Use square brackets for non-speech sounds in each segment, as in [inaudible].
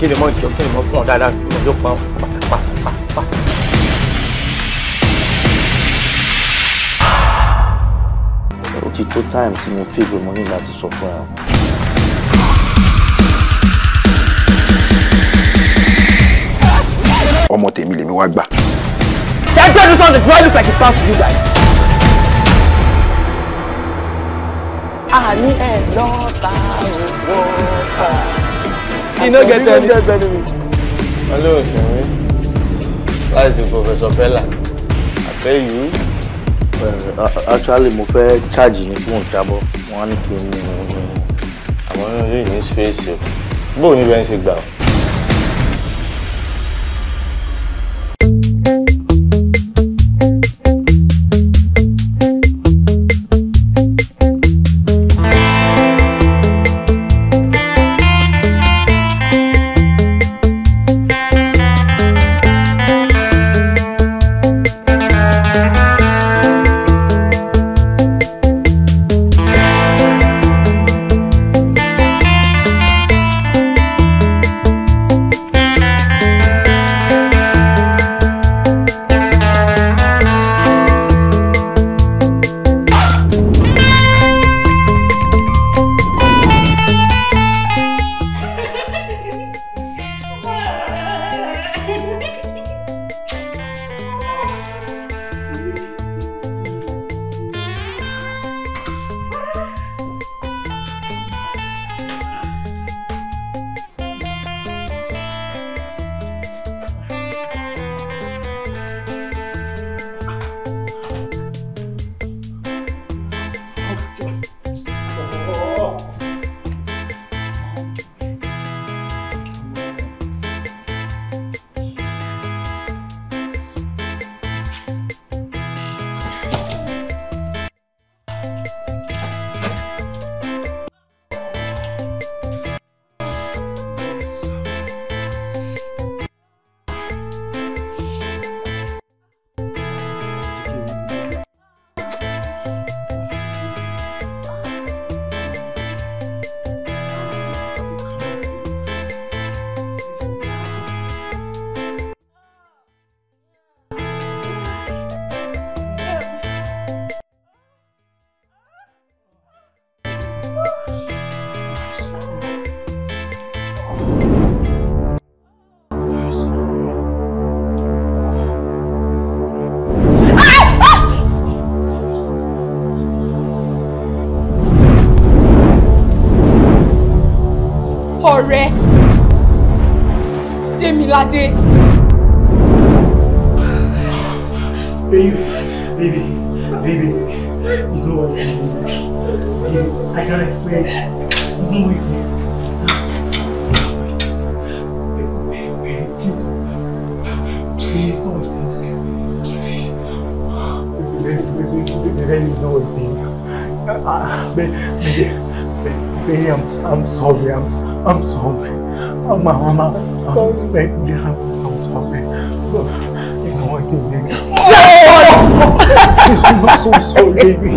kí ni mo jọ kí ni mo fún ọ dáadáa kí ni mo yóò pa pa pa pa. ó ti tó time tí mo fi ìgbìmọ̀ tèmi lèmi wá gbà. that girl just want to draw look like a pass to you guys. àní ẹ̀ lọ́ta ò wọ́pọ̀ you no get any. Hello, Oshimi. Why is it Professor Bella? I pay you. Uh, uh, actually, mo fẹ́ charge ní fún ìjábọ̀. Wọ́n á ní kí n mú un. Àwọn onírúurú yìí ní space o. Bóò ní bẹ́ẹ̀ ń did. Mama, sorry. Spread the hand out of me. what [sighs] not did? baby. Oh! [laughs] I'm so sorry, baby.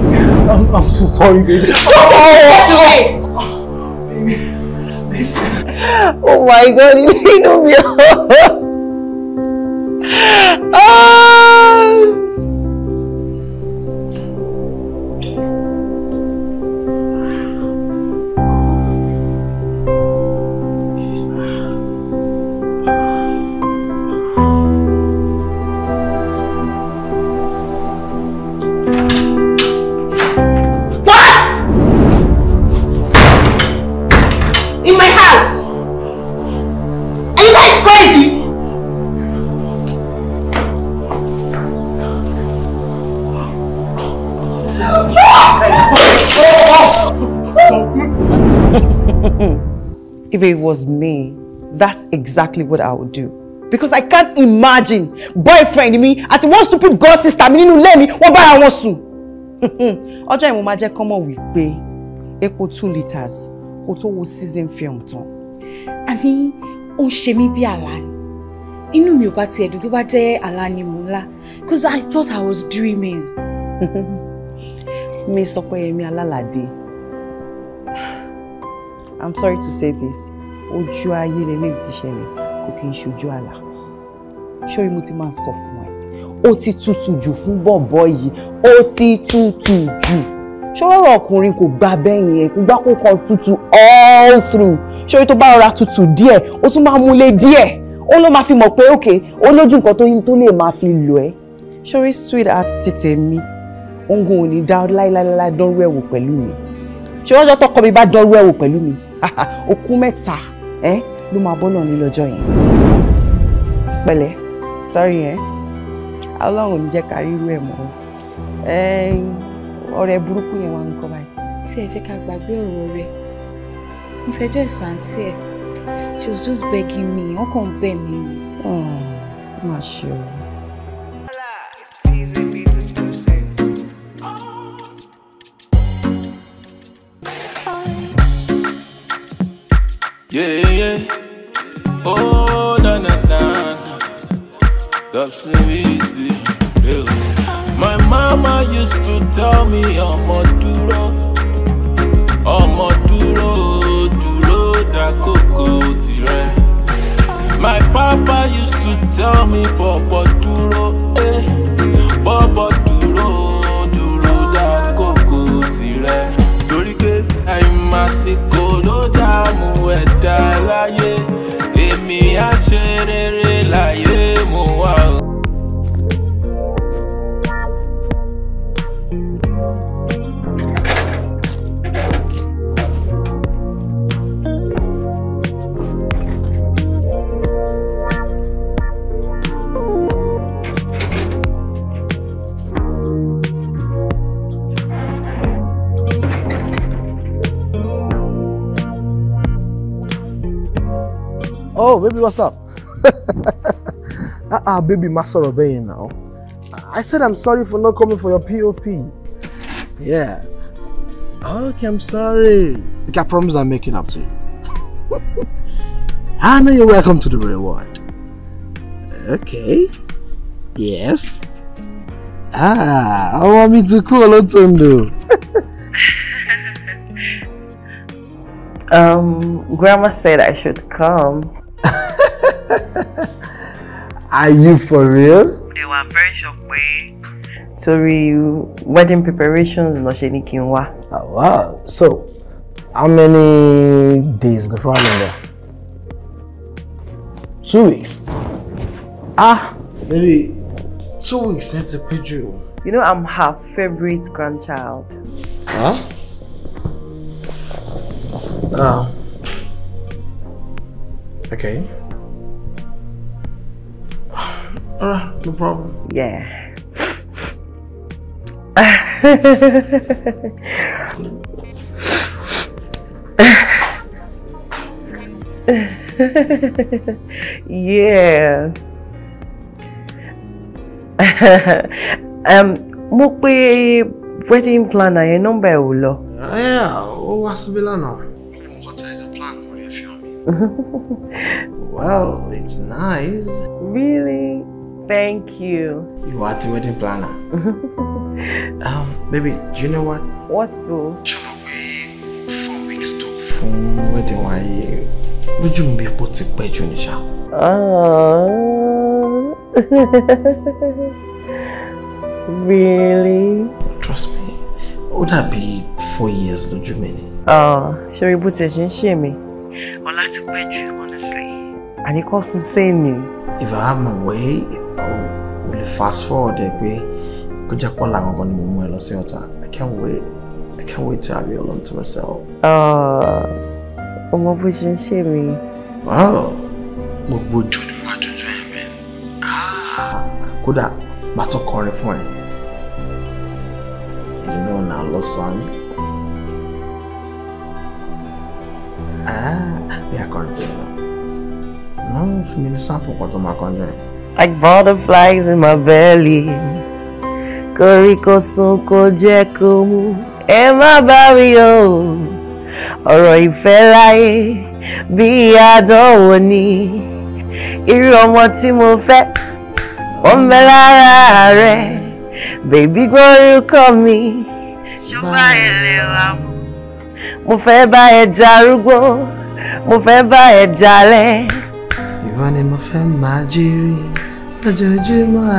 I'm, I'm so sorry, baby. [laughs] Oh, oh, oh [sighs] baby. Oh my God, you know me. [laughs] if it was me, that's exactly what I would do. Because I can't imagine boyfriend mi àti one stupid girl sister Me nínú ilé mi wọ́n bára wọn sùn. [laughs] Ọjọ́ yìí mo máa jẹ́ kọ́mọ̀ wípé epo two liters kò tó wo season film tán. Ani ó ń ṣe mí bí àlá ni. Inú mi ò bá ti ẹ̀dùn tó bá jẹ́ àlá ni mò ń lá I thought I was dreaming. [laughs] Mi sọ pé Yemi Alálàdé. [sighs] I'm sorry to say this ojú ayé lélẹ́yìí ti ṣẹlẹ̀ kò kí n ṣojú àlà ṣórí mo ti máa sọ fún ẹ ó ti tutù jù fún bọ̀bọ̀ yìí ó ti tutù jù ṣọ́rọ̀ ọkùnrin kò gba bẹ́yìn ẹ̀ kò gbá kó kan tutù all through ṣórí tó bá rọra tutù díẹ̀ ó tún máa múlé díẹ̀ ó ló máa fi mọ̀ pé òkè ó lójú nǹkan tó yín tó lè máa fi lò ẹ́ ṣórí sweet heart ti tèmi oògùn ò ní dá láíláíláí dánrú ẹ̀wò pẹ̀lú mi ṣé wọ́n jọ tọkọ mi bá dánrú ẹ̀wò pẹ̀lú mi òkú mẹ́ta ẹ eh, ló máa bọ́ lọ́run lọ́jọ́ yẹn pẹ̀lẹ́ sọ́rí yẹn eh. ọlọ́run ò ní jẹ́ ká rírú ẹ̀ mọ́ eh, ọ̀rẹ́ burúkú yẹn wà ń kọ́ báyìí. tí ẹ jẹ́ ká gbàgbé ọ̀rọ̀ rẹ, mo fẹjọ́ ẹ̀sùn àǹtí ẹ̀ she was just begging me wọ́n kàn ń bẹ̀ mí. ọ̀ hmm, máa ṣe o. Yeah, yeah. Oh, na na na. That's so easy. Yeah. My mama used to tell me I'm a duro. I'm a duro, duro da coco tire. My papa used to tell me Bobo duro, eh. Bobo duro, duro da coco tire. Torí pé sick. ẹ̀dá láyé èmi á ṣe rere láyé mo wà. Oh, baby, what's up? [laughs] Ah, uh, uh, baby, Master obeying now. I said I'm sorry for not coming for your POP. Yeah. Okay, I'm sorry. Okay, I promise I'll make it up to you. I [laughs] know ah, you're welcome to the reward. Okay. Yes. Ah, I want me to call do. um, Grandma said I should come. [laughs] Are you for real? They were very shocked pé Sorry, wedding preparations not ṣe ní Oh, wow. So, how many days the family? Two weeks. Ah, maybe two weeks since ti pedro. You know I'm her favorite grandchild. Huh? Oh. Okay no problem. Yeah. yeah. um, mo pe wedding planner yẹn number, ẹ ò lọ. ẹ ó wá síbí lánàá. plan [laughs] well it's nice. really. Thank you. You are the wedding planner. [laughs] um, baby, do you know what? What, boo? Should we four weeks to fún wedding wa yìí? Lójú mi bó ti pẹ́ jù ní ṣá. [laughs] Really? Trust me, Would that be four years lójú Oh, ni. Ṣorí bó tiẹ̀ ṣe ń ṣe mí. Ọlá ti pẹ́ jù honestly. And it comes to save me. If I have my way, o lè fast forward ẹ pé kó jẹ́ pọ́nlá gangan ni mo mú ẹ lọ sí ọ̀tá I can't wait I can't wait to have you alone to myself. ọmọ bó ṣe ń ṣe mí. gbogbo ojú ni wàá dúdú ẹ mẹ. kódà màá tún kọrin fún ẹ. You know now, love song. Ah, we are going to do it now. No, fún mi ní sample kan tó máa kọjá like butterflies in my belly. Koríko sun jekumu jẹ́ kó mú ẹ má bá mi o. Ọ̀rọ̀ ìfẹ́ láyé bí àdánwò ni. Irú ọmọ tí mo fẹ́ ó ń bẹ lára rẹ̀. Bèbí gbórúkọ mi ṣó bá ẹ lẹ́wà Mo fẹ́ bá ẹ darúgbó, mo fẹ́ bá ẹ dalẹ̀. Ìwọ ni mo fẹ́ máa ojoojúmọ́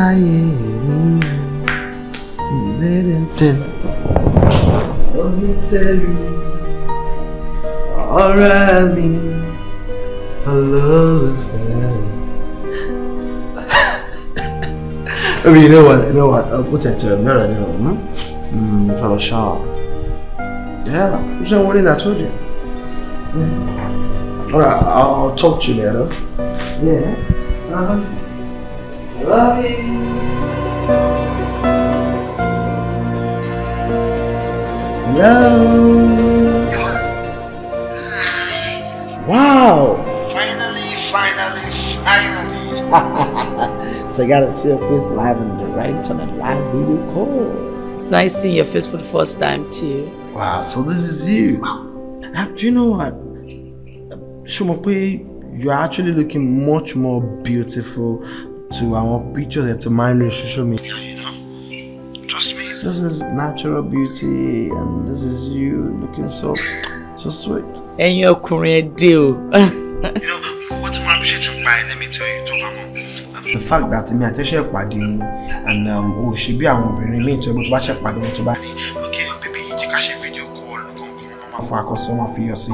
I [laughs] you know what? You know what? will Hmm? hmm yeah, I told you. Mm. All right, I'll, I'll talk to you later. Yeah. Uh-huh. Love you. Hello. Wow. Finally, finally, finally. [laughs] so I gotta see your face live on the right on a live video call. It's nice seeing your face for the first time too. Wow, so this is you. Wow. Do you know what? Shumope, you're actually looking much more beautiful to àwọn pictures ẹ̀ tó máa ń lo social media you know trust me. this is natural beauty and this is you looking so so sweet. ẹ̀yin ọkùnrin ẹ dé o. you know owó tí mo appreciate you by let me tell you tó máa mọ. the fact that mi àtẹ́sẹ̀ pàdé ni and um, o ṣe bí àwọn obìnrin míì tó ẹgbẹ́ tó bá ṣe pàdé wọn tó bá ní ok bíbí yìí jẹ́ ká ṣe fídíò call nǹkan kan máa fọ àkọsí wọn máa fi yọ sí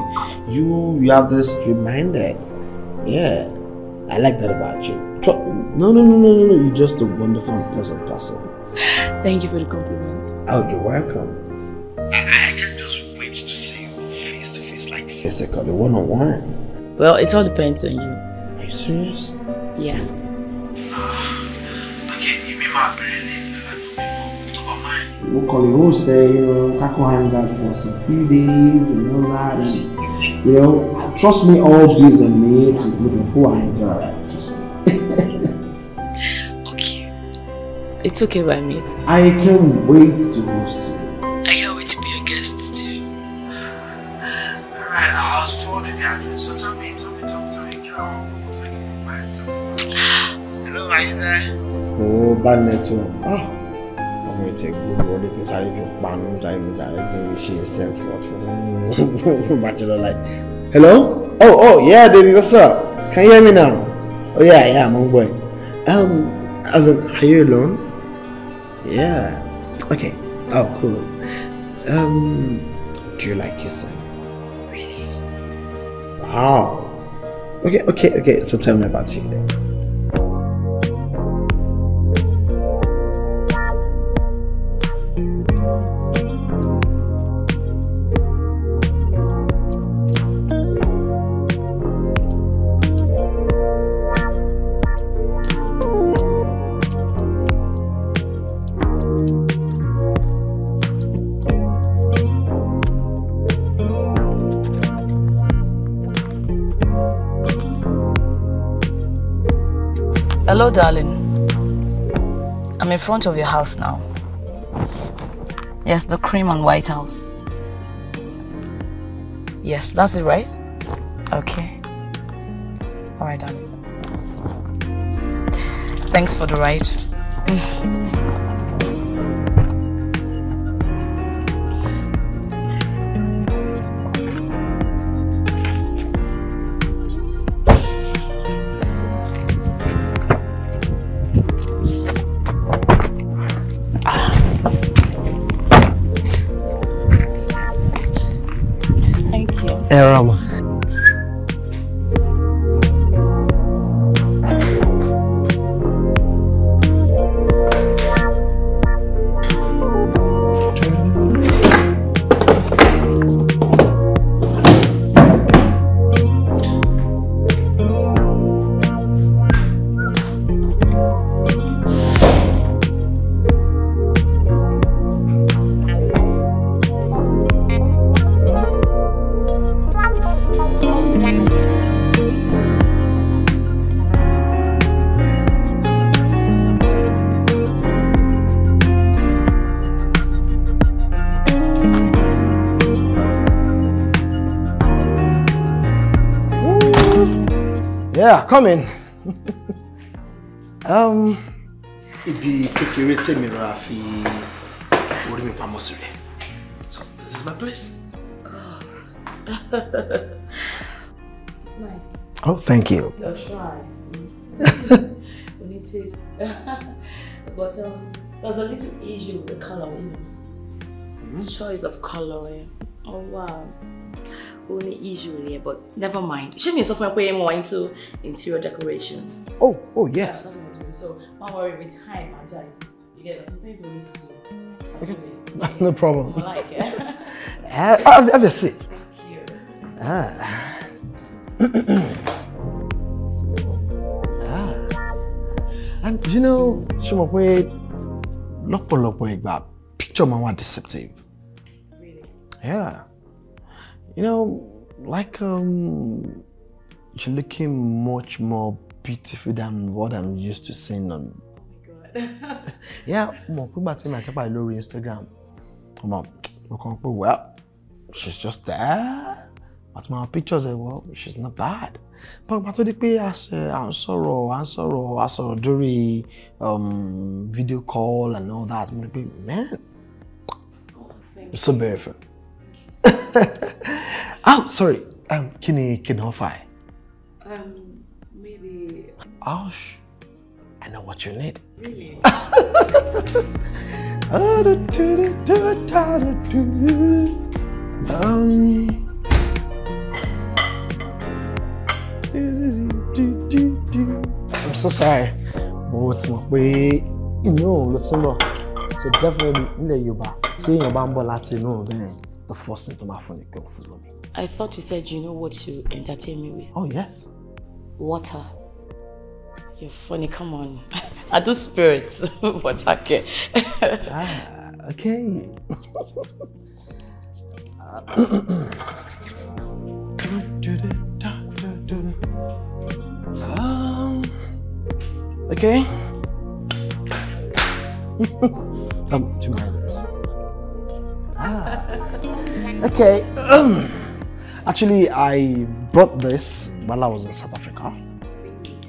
you you have this reminder yeah I like that about you. No, no, no, no, no, no. You're just a wonderful and pleasant person. [gasps] Thank you for the compliment. Oh, you're welcome. I, I can't just wait to see you face to face, like physically, one on one. Well, it all depends on you. Are you serious? Yeah. [sighs] okay, you me my We'll uh, call your host there, you know, Kako hangs out for some few days and all that. And, you know, trust me, all based on me and who I enjoy. It's okay by me. I can't wait to host you. I can't wait to be your guest too. Alright, I'll forward the address. So tell me, tell me, tell me, tell me, tell me, Hello, are you there? Oh, bad network. Ah. I'm going to take good work because I feel banned. I'm going to she herself for bachelor life. Hello? Oh, oh, yeah, baby, what's up? Can you hear me now? Oh, yeah, yeah, my boy. Um, as in, are you alone? Yeah. Okay. Oh, cool. Um, do you like your son? Really? Wow. Okay, okay, okay. So tell me about you then. Hello, darling. I'm in front of your house now. Yes, the cream and white house. Yes, that's it, right? Okay. All right, darling. Thanks for the ride. [laughs] Aram coming. [laughs] um. Ibi kékeré tèmi rà fi orí mi pamọ́ sí rẹ̀. So this is my place. Oh. it's nice. Oh, thank you. You'll try. we [laughs] need taste. [laughs] but um, there's a little issue with the color, you know. Mm -hmm. Choice of color. Oh, wow. Only usually, but never mind Show me something fún ẹ into interior decoration. oh oh yes. Yeah, so don't worry with time and jazz you get some things we need to do. Okay. [laughs] no problem. I like it. [laughs] have, have a seat. Thank you. Ah. ah. And you know, ṣé mo pé lọ́pọ̀lọpọ̀ ìgbà picture máa wà deceptive. Really? Yeah. you know, like um, you're looking much more beautiful than what I'm used to seeing on. Oh my God. [laughs] yeah, mo pé lórí Instagram, well, she's just there. But my pictures ẹ well, she's not bad. But pàtó di pé à ń sọ̀rọ̀ à ń sọ̀rọ̀ à ń sọ̀rọ̀ during um, video call and all that, man, rí pé man, oh, so beautiful. [laughs] oh, sorry. Um, kini kini I? Um, maybe. Ouch. I know what you need. Really? um. [laughs] I'm so sorry. But mo pe no, òun ló So definitely let you back. See your ń bọ̀ láti inú òun the first thing to my phone, you can follow me. I thought you said you know what to entertain me with. Oh, yes. Water. You're funny, come on. [laughs] I do spirits, [laughs] but okay. ah, okay. um, okay. [laughs] um, tomorrow. Ah. Okay, um, actually, I bought this while I was in South Africa.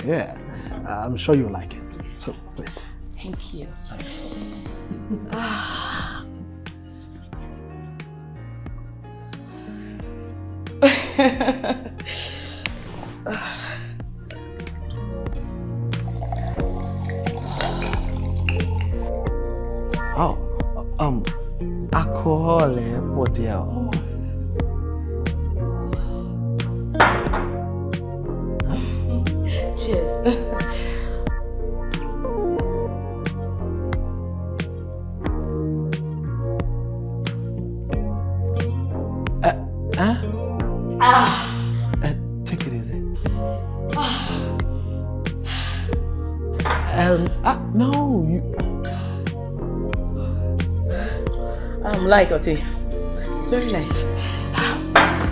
Yeah, I'm sure you like it. So, please. Thank you. oh, [laughs] um. Alcohol, alcohole model. Cheers. [laughs] like your It's very nice. you ah.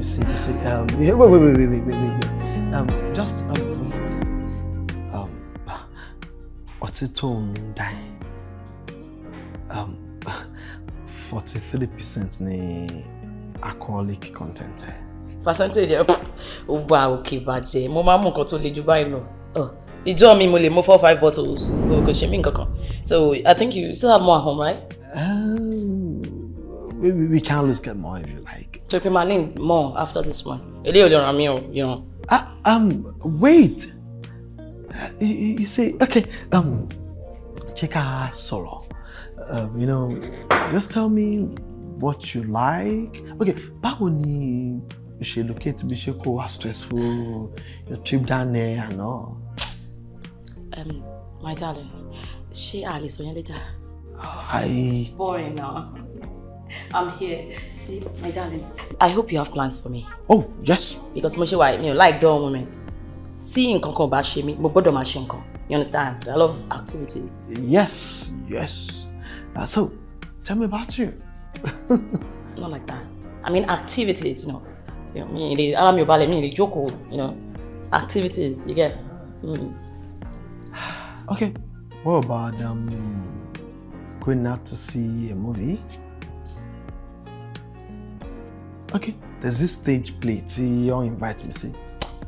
see, you see, um, wait, wait, wait, wait, wait, wait, wait. Um, just um, wait. Um, ọtí tó ń dá Um, forty-three percent ni alcoholic content. percentage ẹ ó gba òkè bàjẹ́ mo máa ń mú nǹkan tó le jù báyìí lọ ìjọ mo four five bottles kò ṣe mí nǹkan kan so I think you still have more at home right we, we can't lose get more if you like. So pay my name more after this one. Ele ole ran mi you know. Ah, um, wait. You, you say okay. Um, check our solo. Um, you know, just tell me what you like. Okay, báwo ni o ṣe locate bí ṣe kó wa stressful your trip down there and all. Um, my darling, she a lè sọ yẹn later? I. Boring now. [laughs] I'm here. See, my darling, I hope you have plans for me. Oh, yes. Because Moshe, why, you know, like the moment. Seeing Kanko Bashimi, Mobodo Mashinko. You understand? I love activities. Yes, yes. Uh, so, tell me about you. [laughs] Not like that. I mean, activities, you know. You know, I'm your joko, you know. Activities, you get. Mm. [sighs] Okay. What about um going out to see a movie? okay there's this stage play See, you all invite me. See,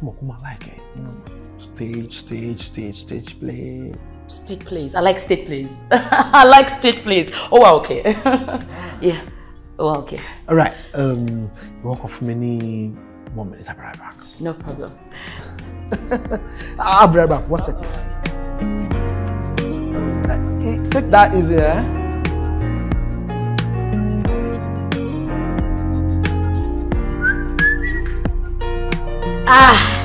mo like it. you know stage stage stage stage play. stage plays i like stage plays [laughs] i like stage plays oh okay [laughs] yeah oh okay. all right um, you work off many one minute i'll be right back. no problem. [laughs] i'll be right back What's Uh, eh, take that easy eh. 啊。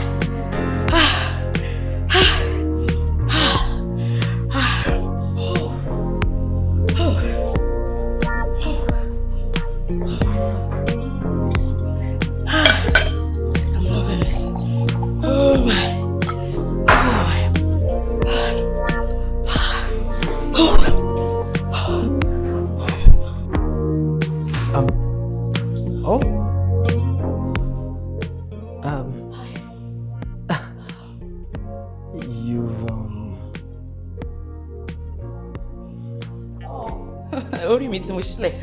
mo sílẹ̀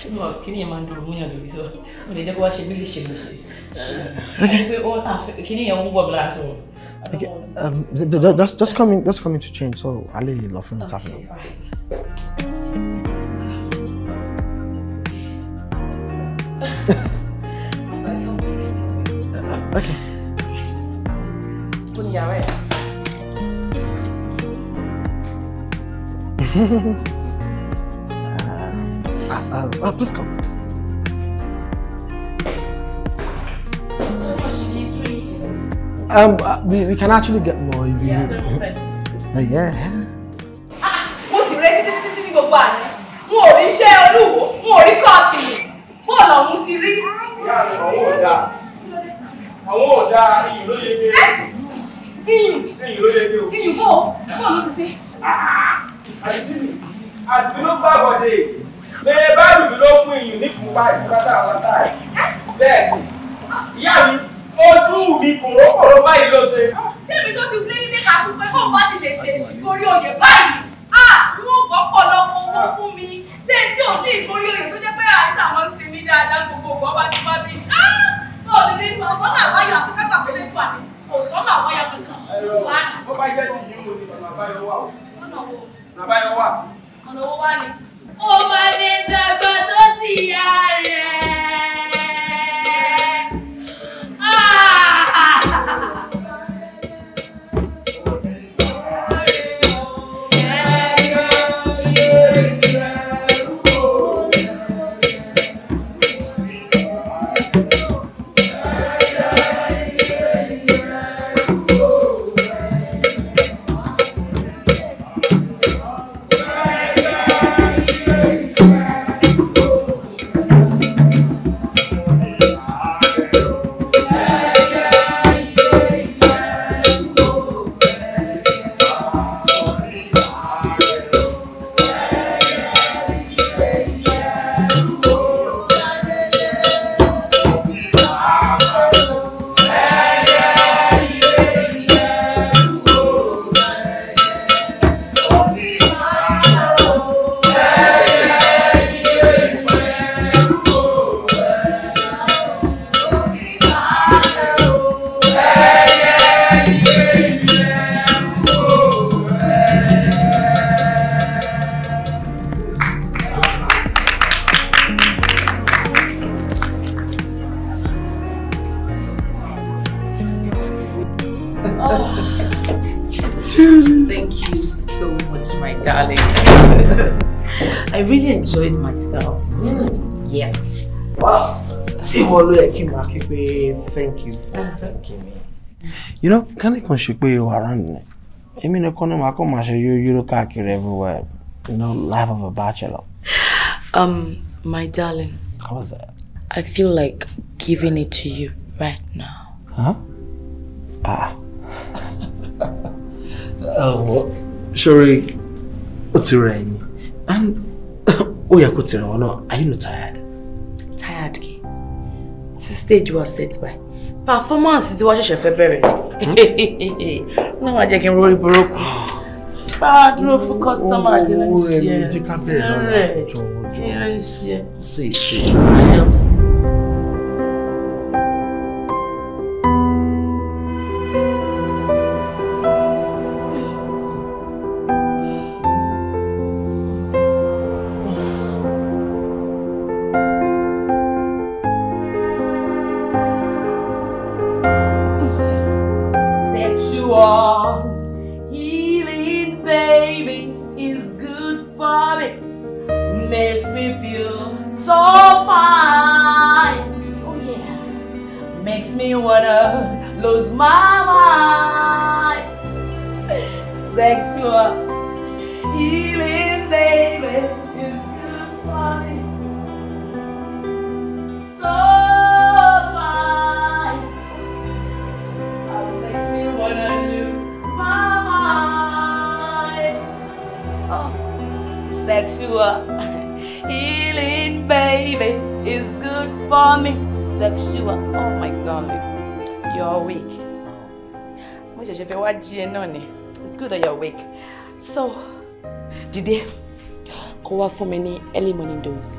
ṣùgbọ́n kí ni yẹn máa ń dúró múyàn lórí sọ mo lè jẹ́ kó wá ṣe bí lè Okay, um, th th th that's that's coming that's coming to change. So Ali, love from okay, happening. Right. [laughs] okay. Bunny, alright. [laughs] Ah, please come. Um, uh, we, we can actually get more if you... Yeah, don't first. Uh, yeah. Ah, mo sì retí títí títí gbogbo àná. Mo ò rí iṣẹ́ olúwo, mo ò rí kọ́ọ̀tì mi. Bọ́ọ̀lù ọ̀hún ti rí. Ìyá mi, àwọn ò dáa. Àwọn ò dáa, iyì ló yẹ kí. Iyì. Iyì ló yẹ kí o. Iyì bò, bọ́ọ̀lù sì ṣe báyìí ló fún ìyìn nípa ìpátá pátá rẹ̀ bẹ́ẹ̀ ni ìyá mi ojú mi kòrókòró báyìí ló ṣe. Ah, ṣébi tó ti lé nílé kàkú pé fóun bá ti lè ṣe èsì torí oyè báyìí à ah, yóò gbọ́pọ̀ lọ́mọ owó fún mi ṣé tí ò sí ìkórí oyè tó jẹ́ pé àìsàn àwọn sinmi dáadáa gbogbo ọgbọ́n bá ti bá bí mi. tó ah, o lè ní ìgbà ọ̀sán náà wáyà tó àná kò sọ́nà wáyà kankan. ẹ lọ bó bá jẹ́ tìyín mo ní ó máa ní dàgbà tó ti yá kí mi. you know kánì kan ṣe pé o ara nù èmi nìkan náà máa kọ́ máa ṣe yóyóró káàkiri everywhere you know life of a bachelor. um my darling. how was that. I feel like giving it to you right now. Huh? Ah. Oh, [laughs] sorry. What's your name? And oh, yeah, good to know. Are you not tired? Tired, Ki. It's the stage you are set by performance tí wọ́n ṣẹ̀ṣẹ̀ fẹ́ bẹ̀rẹ̀ náà wàá jẹ́ kí n rórí burúkú báwa dúró fún kọ́sítọ́mà kí ló ń ṣe ẹ̀ kí ló ń ṣe ẹ̀ sexual [laughs] healing, baby, is good for me. Sexual, oh my darling, you're awake. Mo ṣẹ̀ṣẹ̀ fẹ́ wá It's good that you're awake. So, dìde, kó wá fún mi ní early morning dose.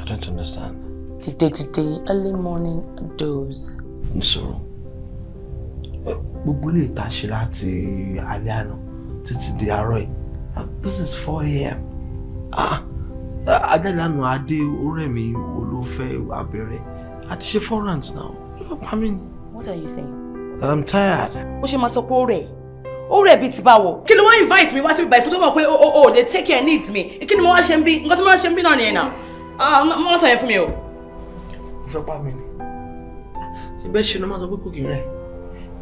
I don't understand. Dìde dìde early morning dose. Nsọ̀rọ̀, gbogbo ilé ìta ṣe láti alẹ́ àná títí di àárọ̀ yìí this is four a.m. ah adélànà adé orèmi olófẹ́ abẹ́rẹ́ àti ṣe four rounds now yóò pa mí ni. what are you saying. that i'm tired. ó ṣe máa sọ pé ó rẹ̀ ó rẹ̀ bíi ti báwo. kí ló wá invite mi wá síbi báyìí fún tó mọ̀ pé o ò lè take care needs me. kí ni mo wá ṣe ń bí nǹkan tí mo wá ṣe ń bí náà nìyẹn náà ah mo sọ yẹn fún mi o. mo fẹ́ pa mí ni ṣe bẹ́ẹ̀ ṣe ni wọ́n máa sọ pé kò kì í rẹ̀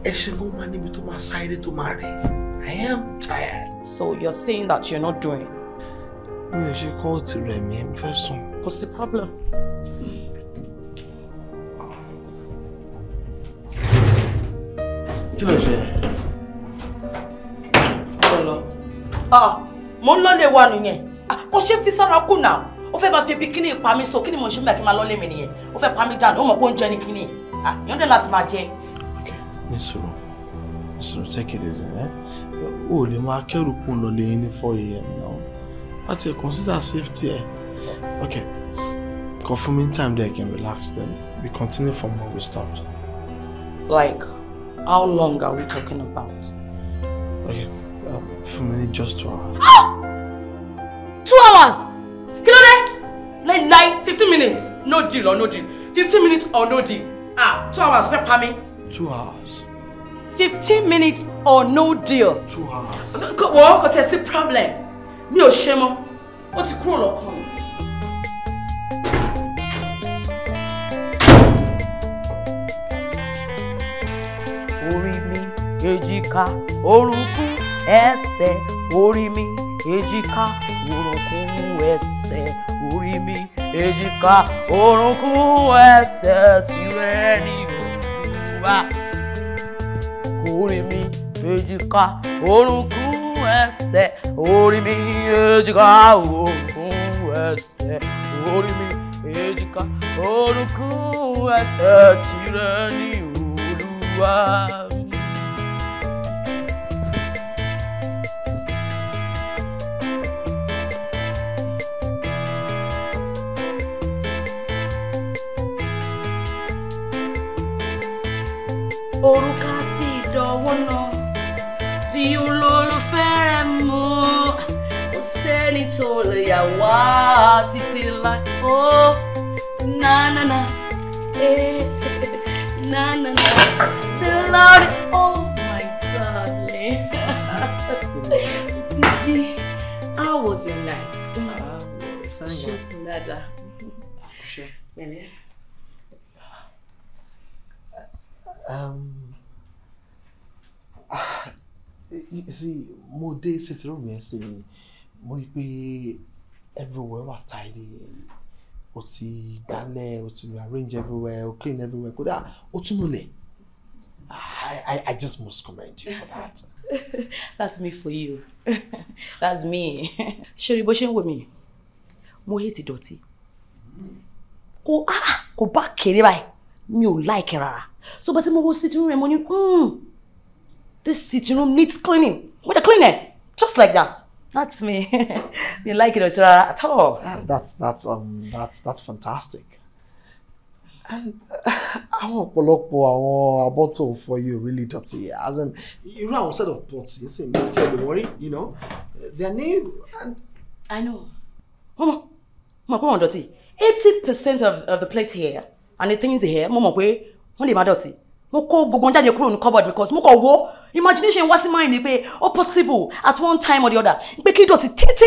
ẹ ṣe kó máa níbi tó máa sáré tó máa rẹ̀. I am tired. So you're saying that you're not doing? Me ò ṣe kọ́ ti rẹ̀ mí, ń fẹ́ What's the problem? Kí ló ń ṣe? Kí ló ń lọ? Ah, mo ń lọ́lé wa nìyẹn. Ah, kò ṣe fi sára kù náà. Ó fẹ́ máa fi ebi pa mí so kíní mo ń ṣe mí àkí máa lọ́lé mi nìyẹn. Ó fẹ́ pa mí dànù, ó mọ̀ pé oúnjẹ ni kíní. Ah, Yọ̀ndé láti máa jẹ. Ok, ní sùúrù, ní sùúrù, take it easy, eh? o lè máa kẹ́rù kún lọ lẹ́yìn ní four a.m. now láti consider safety ẹ̀ okay confirming time there can relax then we continue from where we stopped. like how long are we talking about. okay um, for me just two hours. Ah! two hours kí ló dé lẹ́yìn láì fifteen minutes no deal or no deal fifteen minutes or no deal ah two hours fẹ́ pa two hours fifteen minutes or no deal. two hours. wọ́n kò tẹ̀ sí problem Me or ṣe What's the ti kúrò lọ́kàn mi. orí ese. èjìká orúnkún ẹsẹ̀ orí mi èjìká orúnkún ẹsẹ̀ orí mi èjìká orúnkún ẹsẹ̀ tí rẹ́ni òkú wá. 오리 미 돼지가 오르구에세 오리 미지가 오르구에세 오리 미지가 오르구에세 지레니 우루와 오르카 wá títí láì ó nánánà nánánà [laughs] lórí ó oh my darling [laughs] títí how was your night? Ah, ṣé sùn dáadáa? ṣe um, ah, you see mo dé sitting room yẹn sí mo rí i pé everywhere wà tidy o ti gbálẹ̀ o ti arrange everywhere o clean everywhere kódà o tún nulẹ̀ I, I I just must commend you for that. [laughs] that's me for you [laughs] that's me. [laughs] ṣeré bó ṣe ń wò mí mo hate ìdọ̀tí kò ah, kò bá kéré báyìí mi ò like rárá so bá ti mo wo sitting room ẹ mo ní hmm, this sitting room needs cleaning we dey clean it just like that. That's me. [laughs] you like it or at all. That's that's um that's that's fantastic. And [sighs] àwọn ọ̀pọ̀lọpọ̀ àwọn abọ́tò for you really dirty as in irú àwọn set of pots yìí sì ní tí ẹ lè wọrí you know their name and. I know. Mọ̀mọ́ oh, mọ̀ pé wọ́n dọ̀tí eighty percent of of the plate here and the things here mọ̀ mọ̀ pé wọ́n lè má dọ̀tí mo kó gbogbo jáde kúrò ní cupboard because mo kọ̀ wo imagination wá sí mind ni pé ó possible at one time or the other pé kí ìdọ̀tí títí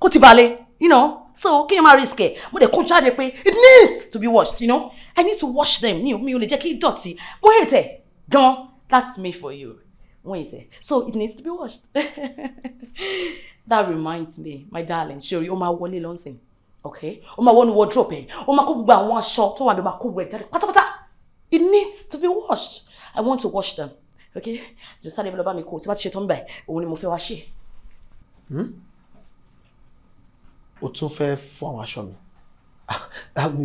kó ti balẹ̀ you know so kí n máa risk ẹ̀ mo dẹ̀ kó jáde pé it needs to be washed you know i need to wash them ni mi ò lè jẹ́ kí ìdọ̀tí mo hẹ̀ tẹ̀ gan that's me for you mo hẹ̀ tẹ̀ so it needs to be washed [laughs] that reminds me my darling sori o máa wọlé lọ́sìn okay o máa wọnú wardrobe ẹ̀ o máa kó gbogbo àwọn aṣọ tó wà bẹ́ẹ̀ máa kó gbogbo jáde pátápátá. It needs to be washed. I want to wash them. Okay? Just sáré mi lọ bá mi kó. Tí bá ti ṣe tán bẹ̀, òun ni mo to wá ṣe. Hmm? O tún fẹ́ fún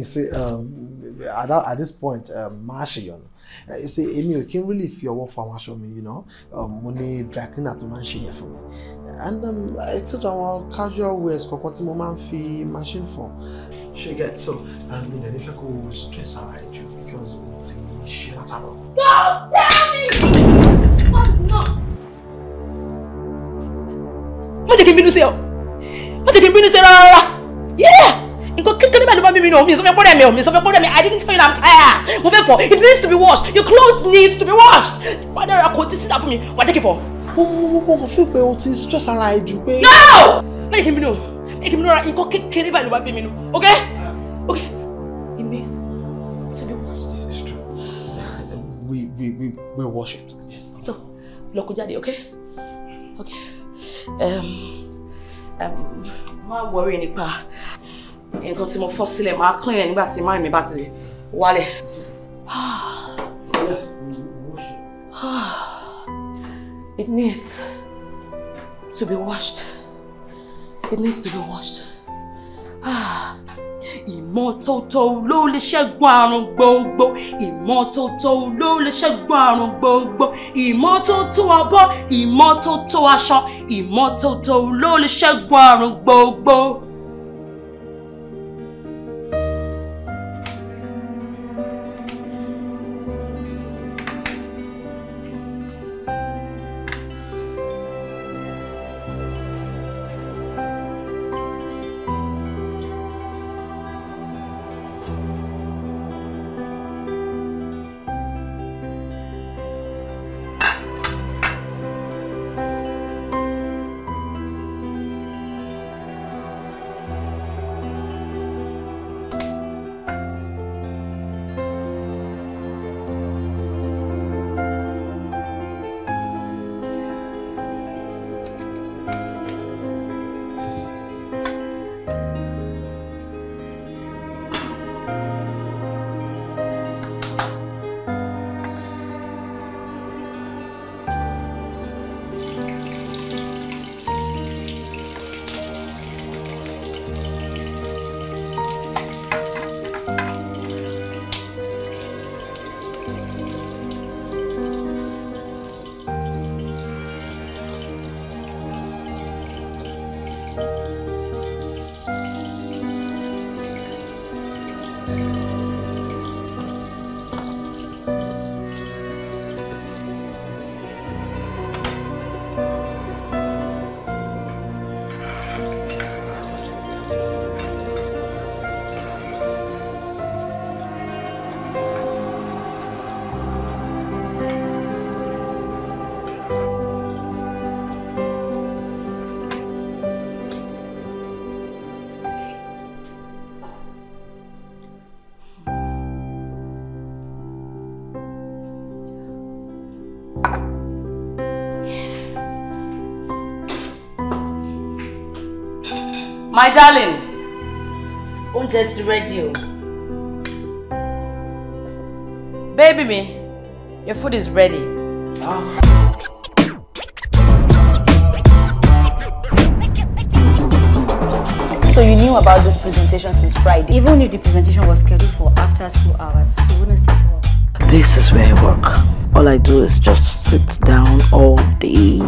see, [laughs] um, at, at this point, um, máa ṣe yọ̀nà. Eh, you see, Amy, ò can really feel what fún àwọn you know. Um, mo ní dry cleaner tó máa ń ṣe yẹn And um, except àwọn casual wears kọ̀ọ̀kan tí the máa ń machine fọ̀. She gets so? Um, Àmì ìdẹ̀ nífẹ̀ẹ́ kó stress ara ẹ̀ serious mo ti ní iṣẹ́ látàrọ. Don't tell me what is not. má jẹ́ kí n bínú sí ọ má jẹ́ kí n bínú sí ọ rárá nǹkan kékeré bẹ́ẹ̀ ló bá mímí nù omi ìsọfẹ́ pọ́nrẹ́ mi omi ìsọfẹ́ pọ́nrẹ́ mi I didn't tell you I'm tired What for? it needs to be washed your clothes needs to be washed Why don't you sí dà fún mi wà á jẹ́ kí for? mo mo mo mo fi pe o ti stress ara ẹ no má jẹ́ kí n bínú má jẹ́ kí n bínú rárá nǹkan kékeré bẹ́ẹ̀ ló bá mímí nù okay okay it needs. we we we worshipped. Yes. So, lọkọ jáde, okay? Okay. Um, um, má worry nípa In case my fọ́ sílẹ̀ máa clean nígbà tí máa mi bá ti wálẹ̀. It needs to be washed. It needs to be washed. Ah ìmọ́tótó ló lè ṣẹ́gun àrùn gbogbo ìmọ́tótó ló lè ṣẹ́gun àrùn gbogbo ìmọ́tótó abọ́ ìmọ́tótó aṣọ ìmọ́tótó ló lè ṣẹ́gun àrùn gbogbo. My darling. Oúnjẹ ti ready Baby me, your food is ready. Ah. So you knew about this presentation since Friday? Even if the presentation was scheduled for after school hours, you wouldn't stay for This is where I work. All I do is just sit down all day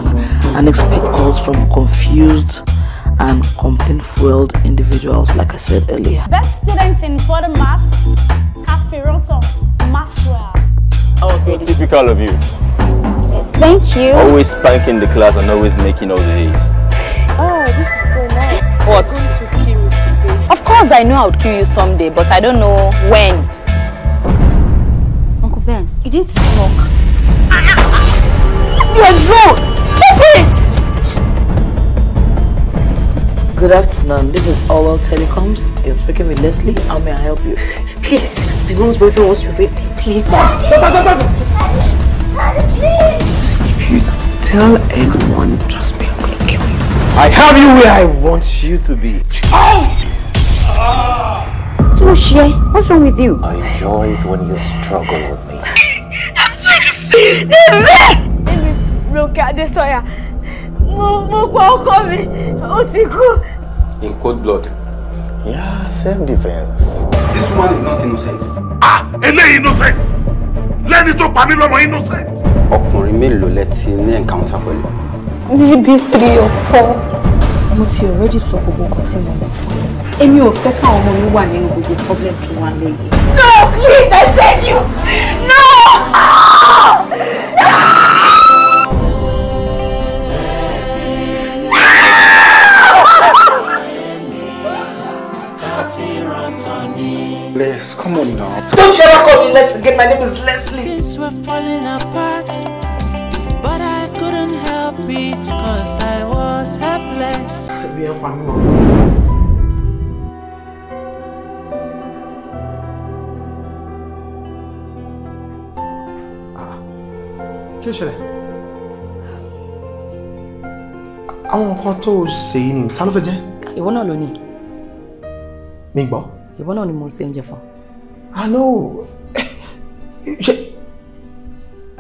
and expect calls from confused and complaint filled individuals, like I said earlier. Best students in for the mass, Kafiroto Maswell. I was so typical of you. Thank you. Always spanking the class and always making all the A's. Oh, this is so nice. What? I'm going to kill you today. Of course I know I would kill you someday, but I don't know when. Uncle Ben, you didn't smoke. [laughs] You're drunk! Good afternoon. This is Allwell Telecoms. You're speaking with Leslie. How may I help you? Please, my mom's boyfriend wants to rape me. Please. Daddy, Daddy, Daddy, please. If you tell anyone, trust me, I'm gonna kill you. I have you where I want you to be. Oh! Ah! what's wrong with you? I enjoy it when you struggle with me. I'm so deceived. Name is Roka Desoya. mo mo pa ọkọ mi ó ti kú cold blood. Yeah, self-defense. This woman is not innocent. Ah! Eléyìí innocent! Lẹ́ni tó pa mí lọ́mọ innocent! Ọkùnrin mélòó lẹ ti ní encounter pẹ̀lú? Maybe three or four. Mo ti already sọ gbogbo nǹkan tí mo mọ̀ fún mi. Èmi ò fẹ́ káwọn ọmọ mi wà nínú gbogbo problem to wà lẹ́yìn. No, please, I beg you! No! àwọn nǹkan tó ṣe yìí ni ta ló fẹ́ jẹ. ìwọ náà ló ní. mi gbọ́. ìwọ náà ni mo ṣe oúnjẹ fún. àná ah, ṣe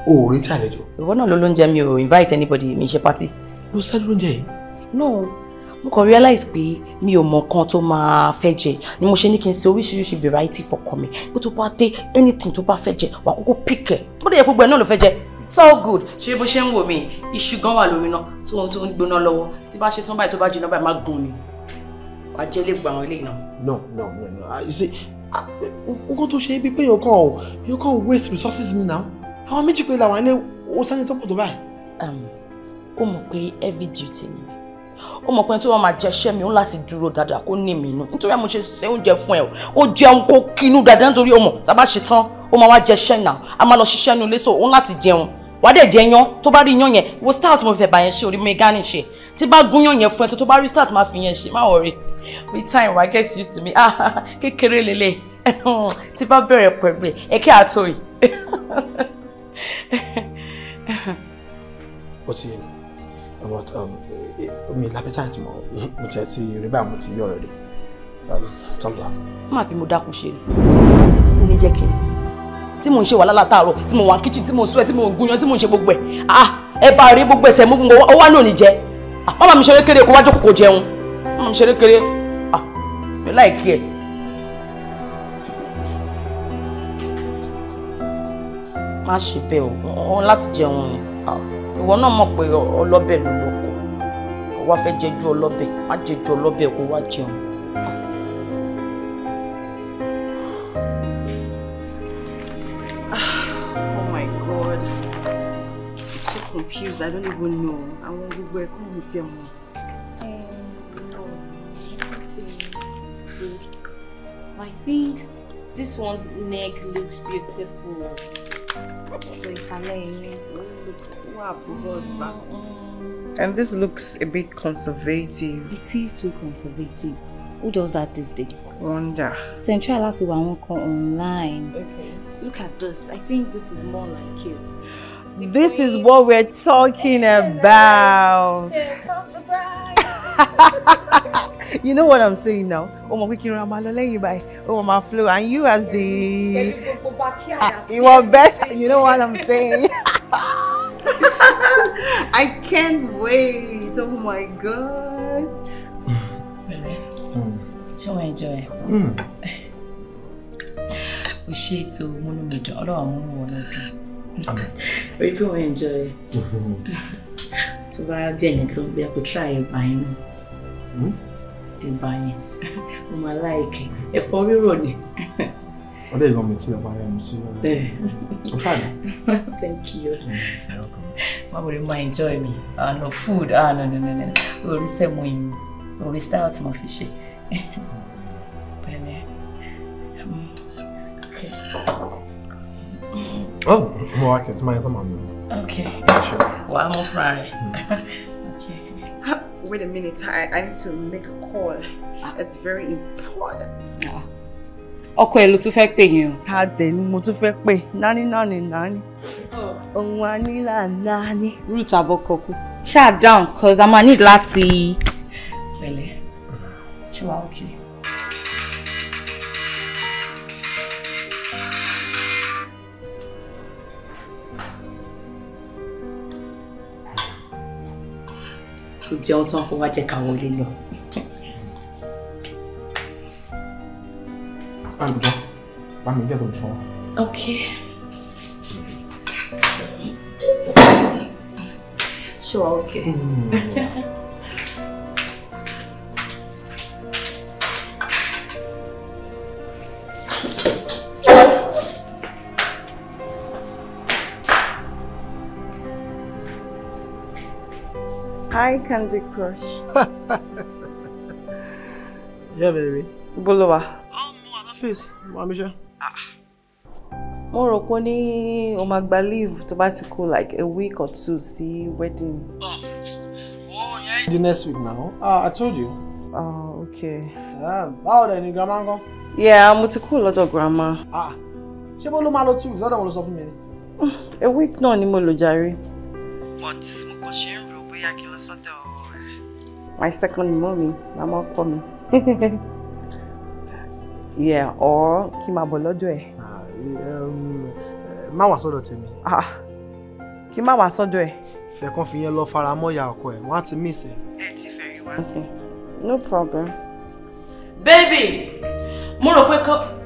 o ò retí àlejò. ìwọ náà ló lóúnjẹ mi ò invite anybody mi ṣe party. ló ṣáájú lóúnjẹ yìí. no mo kàn realize pé mi ò mọ kan tó máa fẹ́ jẹ ni mo ṣe ní kí n ṣe oríṣiríṣi variety fọkàn mi pé tó bá dé anything tó bá fẹ́ jẹ wà á kókó pick ẹ̀ tó bá dé yẹ gbogbo ẹ̀ náà ló fẹ́ jẹ. So good ṣé bó ṣe ń wò mí iṣu gan wà lórí náà tí wọn tó ń gbóná lọ́wọ́ tí bá ṣe tán báyìí tó bá jiná báyìí má gùn ni wàá jẹ lè gbà wọn lè no no no no ah, you see ah, nǹkan tó ṣe é bíi pé yóò kàn yóò kàn waste resources ni now àwọn méjì pé làwọn ilé ó sáré tó pọ̀ tó báyìí. ó mọ̀ pé heavy duty ni ó mọ̀ pé tí wọ́n máa jẹṣẹ́ mi ó láti dúró dáadáa kó ní mi inú nítorí àmọ́ ṣe ṣe oúnjẹ fún ẹ ó jẹun kó kínú dáadáa nítorí ó mọ̀ tá a bá ṣe tán ó máa wá jẹṣẹ́ náà a máa lọ ṣiṣẹ́ nu ilé so òun láti jẹun wàá dẹ̀ jẹ yan tó bá rí yan yẹn wo style tí mo fẹ́ bá yẹn ṣe orí mi gánì ṣe tí bá gún yan yẹn fún ẹ tó bá rí style fi yẹn ṣe má wọrí with time wàá get used to me ah, ah, ah kékeré lélẹ̀ [laughs] tí bá bẹ̀rẹ̀ pẹ̀lú ẹ̀ ẹ̀kẹ́ àtọ̀ yìí. [laughs] ó ti about mi um, e, e, time mo mo tiẹ̀ ti rí báyìí mo ti yọ̀ rẹ̀ rí um, thumbs up. má fi mo dákun ṣe rí ní jẹ́ kí n tí mò ń ṣe wàhálà látàárọ̀ tí mo wà ní kitchen tí mo sweat tí mo gúnyan tí mo ń ṣe gbogbo ẹ̀ ah ẹ bá rí gbogbo ẹsẹ̀ mú gbogbo ọwọ́ náà ní jẹ ah má bàa mi ṣeré kéré kó wájú kòkó jẹun má mi ṣeré kéré ah mi láìkí ẹ̀. má ṣe bẹ́ẹ̀ o òun láti jẹun ni ah, ìwọ náà mọ̀ pé ọlọ́bẹ̀ ló lọ́kọ̀ wá fẹ́ jẹjú ọlọ́bẹ̀ má jẹjú ọlọ́bẹ̀ kó wá jẹun. confused. I don't even know. I Àwọn gbogbo ẹ̀kọ́ mi ti mọ̀. I think this one's neck looks beautiful. So it's a And this looks a bit conservative. It is too conservative. Who does that these days? Wonder. Central Latin láti online. Okay. Look at this. I think this is more like kids. This is what we're talking about. [laughs] you know what I'm saying now? Oh my pé kí n ra máa lọ flow and you as the you are best. You know what I'm saying? [laughs] I can't wait. Oh my god. Mm. Ṣé wọ́n enjoy. ẹ̀? O ṣe ètò múnú mi dùn, ọlọ́wà múnú wọn lọ́dún rí pé òun ẹ̀jọ́ rẹ̀ tó bá jẹ́ yẹn tó bí ẹ kò tíra ẹ̀bà yẹn nù ẹ̀bà yẹn mo máa láìkì ẹ̀fọ́ rírò ni. ọdẹ ìgbọ́n mi ti ẹ̀bà yẹn mi sí ọ̀rẹ́ o tíra yẹn. thank you. Mm, wọ́n wòle máa enjoy me ah no food ah no no no no orí sẹ́mu yìí orí style tí mo fi ṣe. Pẹ̀lẹ́. Mm. Hmm. Okay. Oh, more wá kẹ́ tí máa yẹ tó máa mú. Okay. Sure. Wàá mú fúnra rẹ̀. Okay. Ah, wait a minute, I, I need to make a call. It's very important. Yeah. Okay. ló tún fẹ́ pè yín o. Ta dẹ̀ ni mo tún fẹ́ pè nání nání down cause I'm a need láti. Pẹ̀lẹ́, ṣé okay? tó jẹ́ ọtán kó wá jẹ́ ká wọlé lọ. àlùbọ́ bá mi jẹ́ tó ń sọ ok. ṣé ok. Hmm. Hi, Candy Crush. [laughs] yeah, baby. Bolowa. Oh, mo àlàáfíà. Mo àmì mo rò pé ní o máa gba leave tó bá ti kó like a week or two sí wedding. oh oh yeah the next week now ah uh, i told you. oh okay. Ah, báwo dẹ̀ ni grandma ko? yeah mo ti kú lọ́dọ̀ grandma. ah ṣé bó ló máa lọ two weeks lọ́dọ̀ wọn ló sọ fún mi ni. Mm, a week náà ni mo lò jàre. but mo kàn ṣe bóyá kí n lọ sọ́dọ̀ My second mommy, màmá ọkọ mi. Yeah, or kí n máa bọ̀ lọ́dọ̀ ẹ̀. Um, má wá sọ́dọ̀ tèmi. Ah, kí n má wá sọ́dọ̀ ẹ̀. Ìfẹ́ kan fi yẹn lọ fara mọ́ ìyá ọkọ ẹ̀, wọ́n ti mí ìsẹ̀. Ẹ ti fẹ̀rí wá sí. No problem. Baby, mo rò pé kọ́.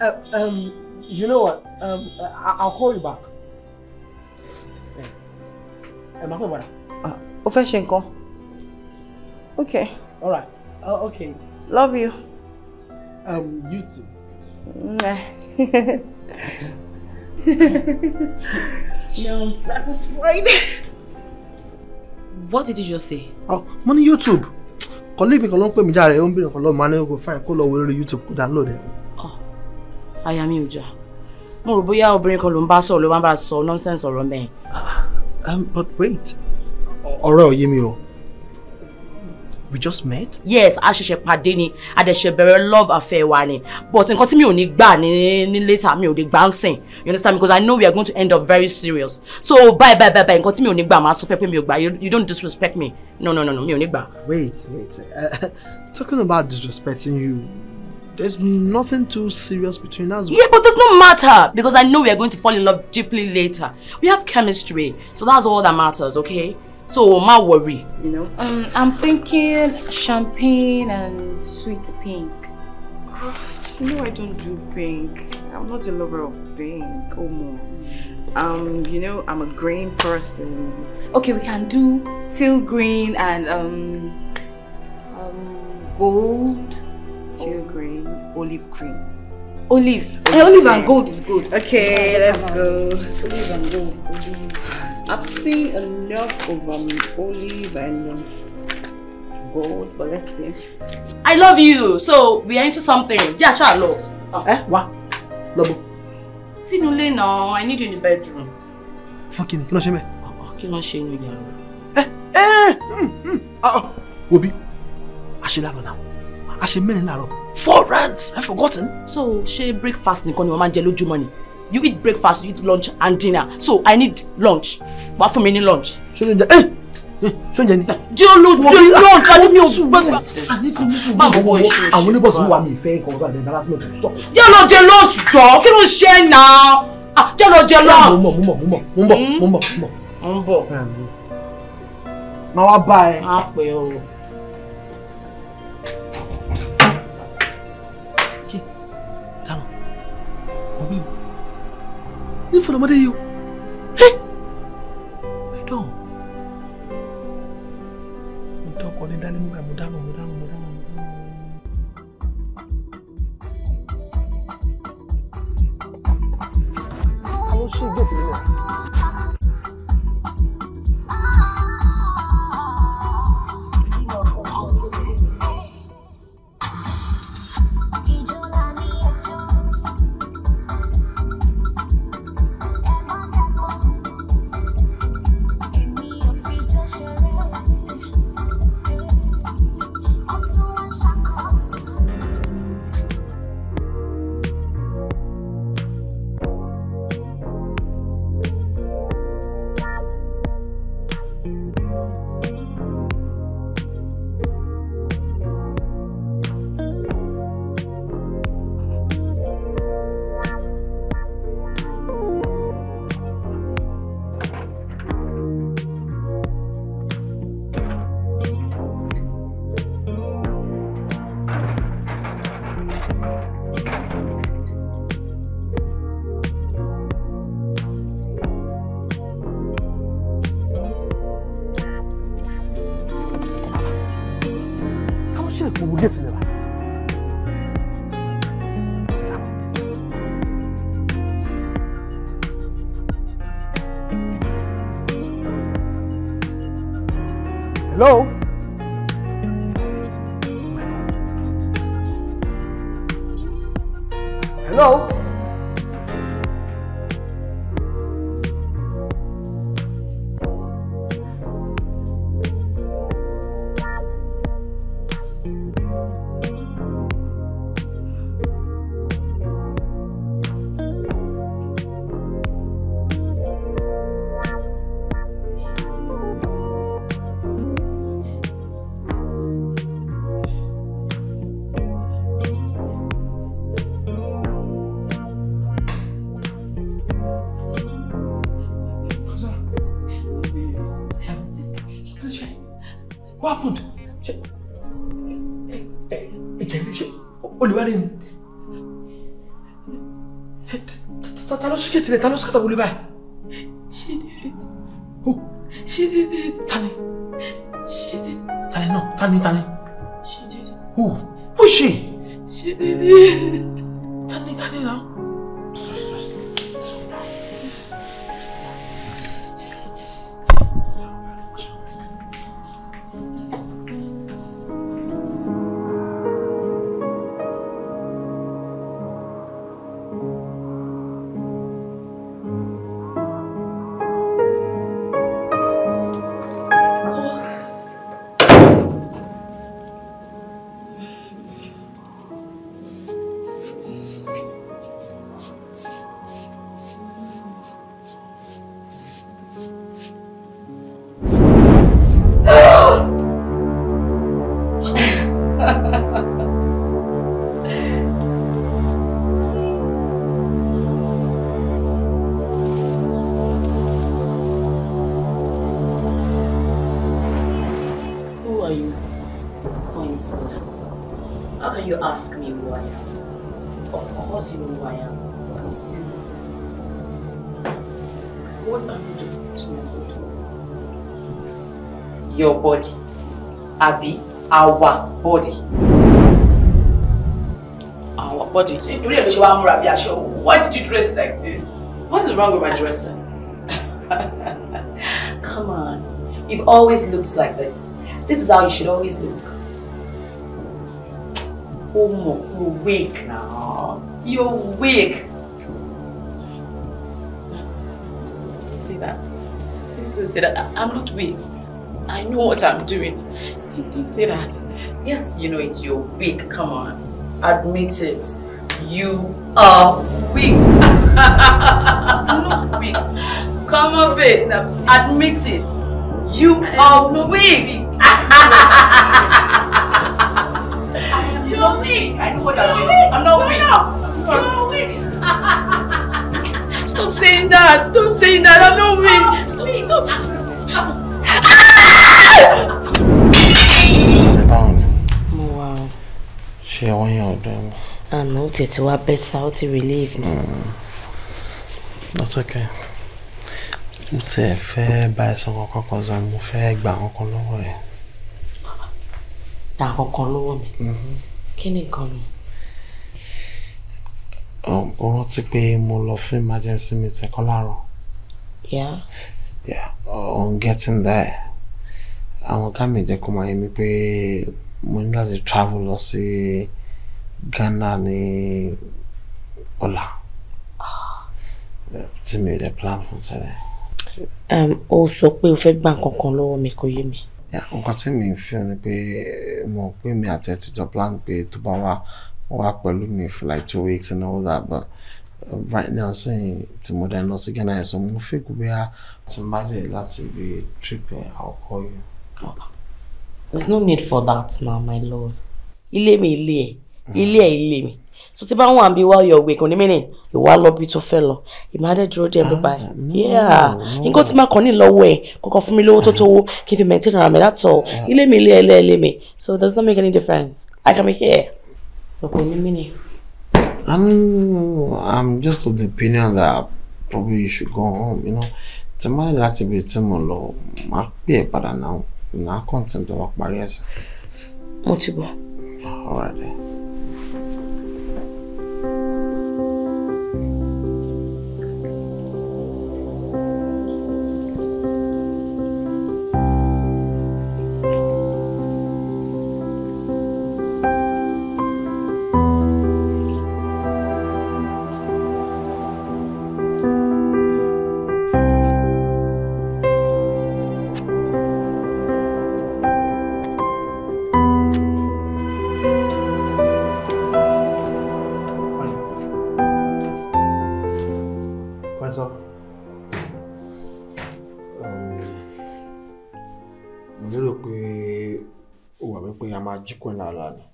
Uh, um, you know what? Um, I- I'll call you back. Ẹ máa pè padà. O fẹ́ ṣe nǹkan? Okay. All right. Uh, okay. Love you. Um, you too. [laughs] Now I'm satisfied. What did you just say? Oh, money YouTube. Kọ́lé me kan ló ń pè mí járe, ó ń bèrè kan lọ́ọ́ máa ní kó fine kó lọ wo YouTube download it aya mi ò jà mo rò bóyá obìnrin kan ló ń bá sọ̀rọ̀ ló máa bá sọ nonsense ọ̀rọ̀ mẹ́rin. Ah, um, but wait ọ̀rẹ́ ò yé mi o we just met. yes a ṣẹ̀ṣẹ̀ pàdé ni a dẹ̀ ṣẹ̀ bẹ̀rẹ̀ love affair wa ni but nǹkan tí mi ò ní gbà ní ní later mi ò ní gbà ń sìn you understand because i know we are going to end up very serious so bye bye bye bye nǹkan tí mi ò ní gbà máa sọ fẹ́ pé mi ò gbà you don't disrespect me no no no no mi ò ní gbà. wait wait uh, [laughs] talking about disrespecting you There's nothing too serious between us. Yeah, but that's not matter because I know we are going to fall in love deeply later. We have chemistry, so that's all that matters, okay? So, my worry, you know? Um, I'm thinking champagne and sweet pink. You know I don't do pink. I'm not a lover of pink, Omo. Um, you know, I'm a green person. Okay, we can do teal green and um, um, gold. teal green, olive green. Olive. Olive, eh, olive and gold is good. Okay, yeah, let's go. Olive and gold. Olive. I've seen enough of um, olive and um, gold, but let's see. I love you. So we are into something. Yeah, yeah, love. Oh. Eh? What? Lobo. See ilé náà, I need you in the bedroom. Fucking, Can I kí ló ṣe mẹ́? Ah, ah, kí ló ṣe inú yàrá? Ẹ ẹ́ wo bí? Àṣẹ lálọ́ now ṣe mẹ́rin láàárọ̀ four rounds i forgotten. so ṣé breakfast nìkan ni wọ́n máa ń jẹ lójúmọ́ ni you eat breakfast you eat lunch and dinner so i need lunch wá fún mi ní lunch. ṣé oúnjẹ ẹ eh, eh, ṣé oúnjẹ ni. di olójú lunch àti mi ò gbẹgbẹ. àníkù ní sùn wọ́n wọ́n àwọn oníbọ̀ sí wa mi ìfẹ́ nǹkan ọ̀gá rẹ̀ dára sí mi tó sọ. jẹ́ lọ jẹ lunch jọ kí ló ń ṣe é náà ah, jẹ́ lọ jẹ lunch. mo ń bọ̀ mo ń bọ̀ mo ń bọ̀ mo ń bọ̀ mo ń bọ̀. mo ń bọ̀. máa wá bá ẹ. á pè é o. Leave for the mother you. Hey! I don't. Mo dọ́kọ̀ ní dání mú báyìí, mo dáná, mo dáná, mo dáná. Àwọn ṣì gbèdé lọ. Hello. Hello? سيدي تعالوا اسقطوا اللي بقى our body. Our body? So you really Why did you dress like this? What is wrong with my dressing? [laughs] Come on. You've always looked like this. This is how you should always look. Oh, you're weak now. You're weak. You see that? Please don't say that. I'm not weak. I know what I'm doing. Did you say that? Yes, you know it. You're weak. Come on. Admit it. You are weak. [laughs] I'm not weak. Come of it. Admit it. You are weak. [laughs] You're weak. I know what I'm I'm not weak. You're weak. [laughs] Stop saying that. Stop saying that. I'm not weak. Stop. Stop. mo wà o. ṣé wọ́n yàn ọ̀dọ́ ẹ̀ mọ́. àná ó tiẹ̀ ti wá bẹ́tà ó ti relieve ni. Hmm. that's okay. mo tiẹ̀ fẹ́ bá ẹ sọ kankan kan sọ mo fẹ́ gbà kankan lọ́wọ́ ẹ. gbà kankan lọ́wọ́ mi. Mm-hmm. kí ni nǹkan mi ó oh, rántí pé mo lọ fún emergency meeting kan láàárọ̀. yeah. yeah I'm getting there àwọn ọ̀gá mi jẹ́ kó máa yé mi pé mo ní láti travel lọ sí Ghana ní ọ̀la tí mi ò dẹ̀ plan fún tẹ́lẹ̀. o sọ pé o fẹ́ gbà nǹkan kan lọ́wọ́ mi kò yé mi. nǹkan tí mi fi ni pé mo pé mi àti ẹ jọ plan pé tó bá wà wà pẹ̀lú mi for like two weeks and all that but um, right now sẹ́yìn tí mo dẹ̀ lọ sí Ghana yẹn so mo fẹ́ gbé bóyá tí n bá dé láti ibi trip ẹ̀ I'll call you there's no need for that now my lord. ilé mi ilé ẹ ilé ẹ ilé mi so tí bá ń wà bí while you're awake òní mìíràn ìwà lọ bí tó fẹ́ lọ ìmọ̀lẹ́ dúró díẹ̀ bíbá ẹ̀ ah, yeah nǹkan tí máa kàn ní lọ́wọ́ ẹ̀ kọ́kọ́ fún mi lówó tó tówó kí fi maintain ara mi that's all ilé mi ilé ẹlẹ́ ilé mi so does not make any difference I can be here so kò ní mìíràn. I'm just of the opinion that probably you should go home you know tí máa láti ibi tí mo lọ máa pè é padà náà. Now continue to work, Marius. Multiple. All right then. I'm at Jukwena Alani.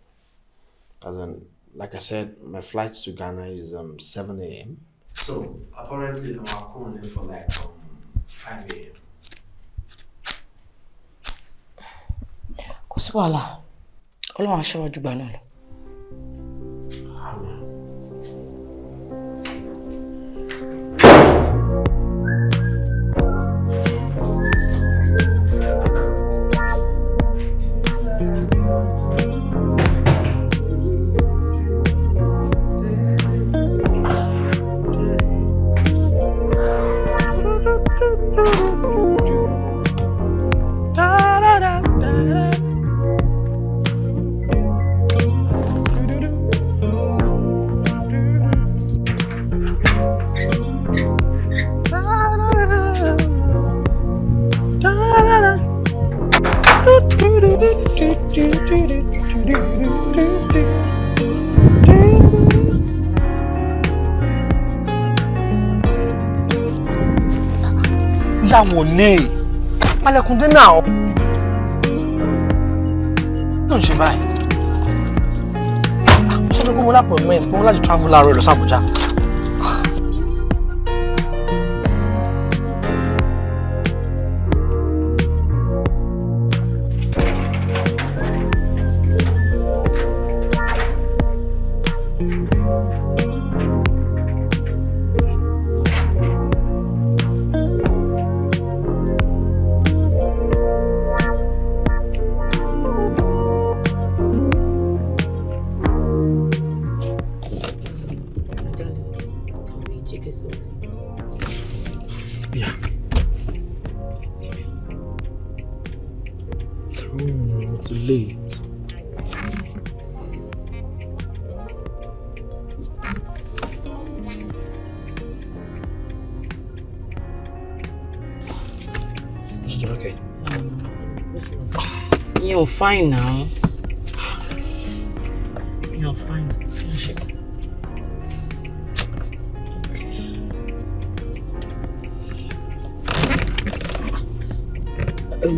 As in, like I said, my flight to Ghana is um 7 a.m. So apparently I'm coming for like um 5 a.m. kò sí wàhálà Ọlọ́run aṣọ́wájú gbà náà wọlé palẹ̀kùn dé náà. kí ló ń ṣe báyìí? Ah, sọ pé kó mo lápò mẹ́rin kó mo láti travel láàárọ̀ lọ sí fine now. You're fine.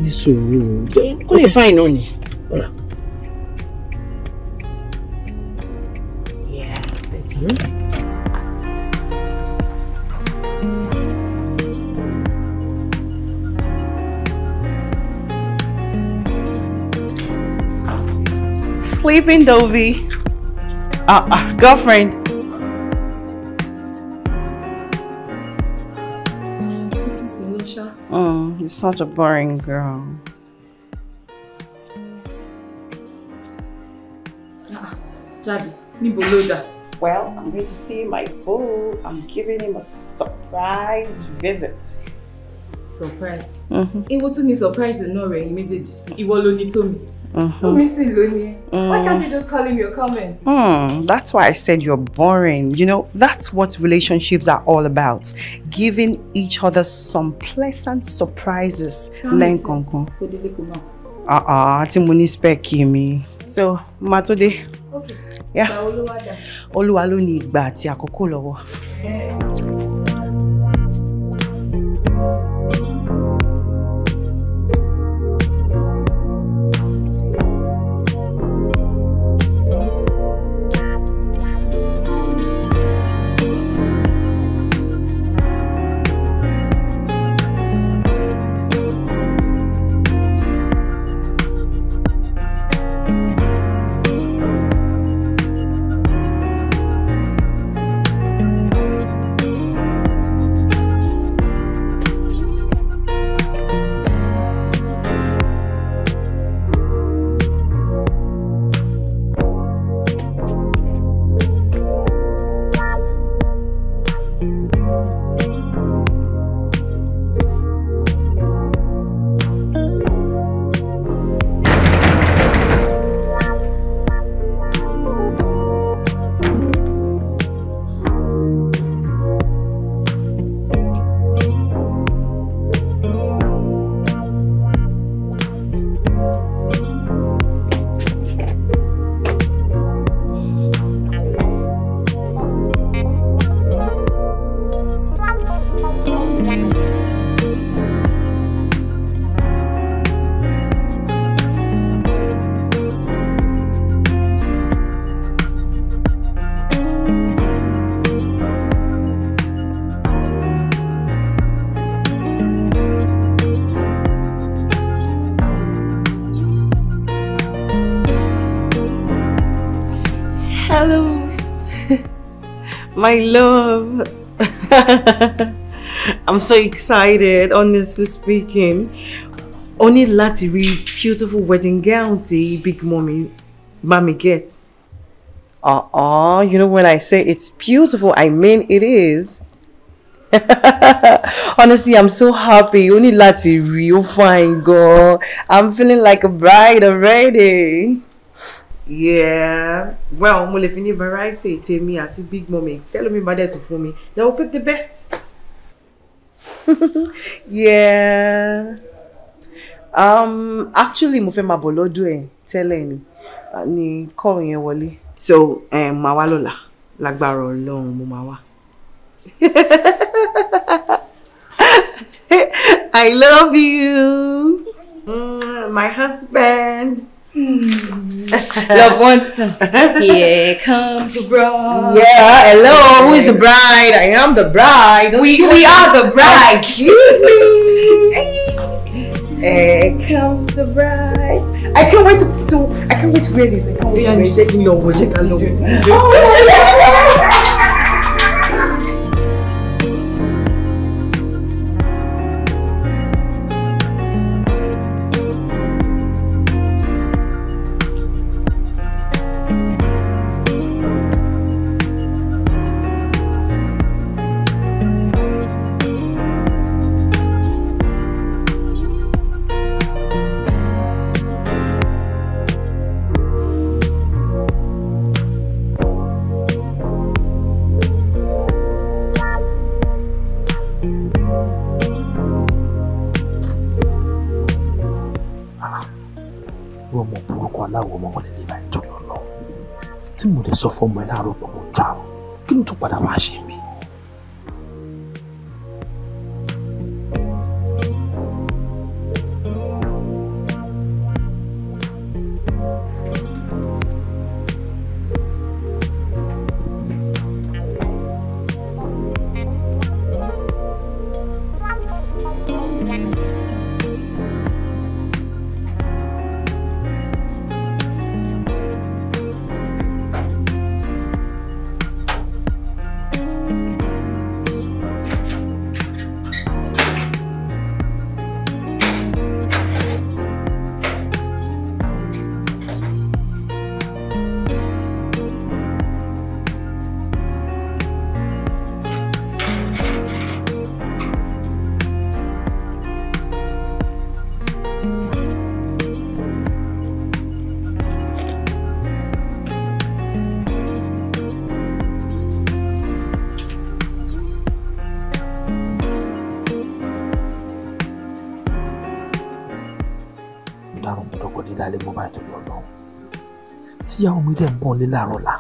ní sòrò o. kó lè you find, ni. Yeah, that's it. hmm sleeping, Dovey. Uh, uh, girlfriend. Oh, you're such a boring girl. Uh-uh. well, I'm going to see my boo. I'm giving him a surprise visit. Surprise? Mm-hmm. It wasn't a surprise, no, made It He was only told me. Mm -hmm. Missy Loni, mm. why can't you mm. just call him your comment? Mm, that's why I said you're boring. You know, that's what relationships are all about. Giving each other some pleasant surprises. Uh-uh, Timoni Speki So, Matode. Okay. Yeah. Oluwa Oluwa ní ìgbà àti àkókò Yeah. My love. [laughs] I'm so excited, honestly speaking. only ní láti rí beautiful wedding gown tí Big Mommy Mommy gets. uh oh you know when I say it's beautiful, I mean it is. [laughs] Honestly, I'm so happy. Only ní láti rí, fine girl. I'm feeling like a bride already. yeah well mo lè fi ní variety tèmi àti big mummy tẹ́lómi bá dẹ̀ to fún mi they will pick the best [laughs] yeah um actually mo fẹ́ máa bọ̀ lọ́dọ̀ ẹ̀ tẹ́lẹ̀ ni ni kọ́ọ̀ yẹn wọlé. so eh, màá wá lọ́la lágbára ọlọ́run mo máa wá. [laughs] I love you, mm, my husband. [laughs] Love once. Here comes the bride. Yeah, hello. Who is the bride? I am the bride. we we are the [laughs] oh, bride. Excuse me. Here comes the bride. I can't wait to, to I can't wait to wear this. I can't wait to wear this. fọmọ ẹ láàárọ̀ pọ̀ mọ́ travel kí ló tún padà wá ṣe mí. dẹ̀ ń bọ̀ nílé làárọ̀ la.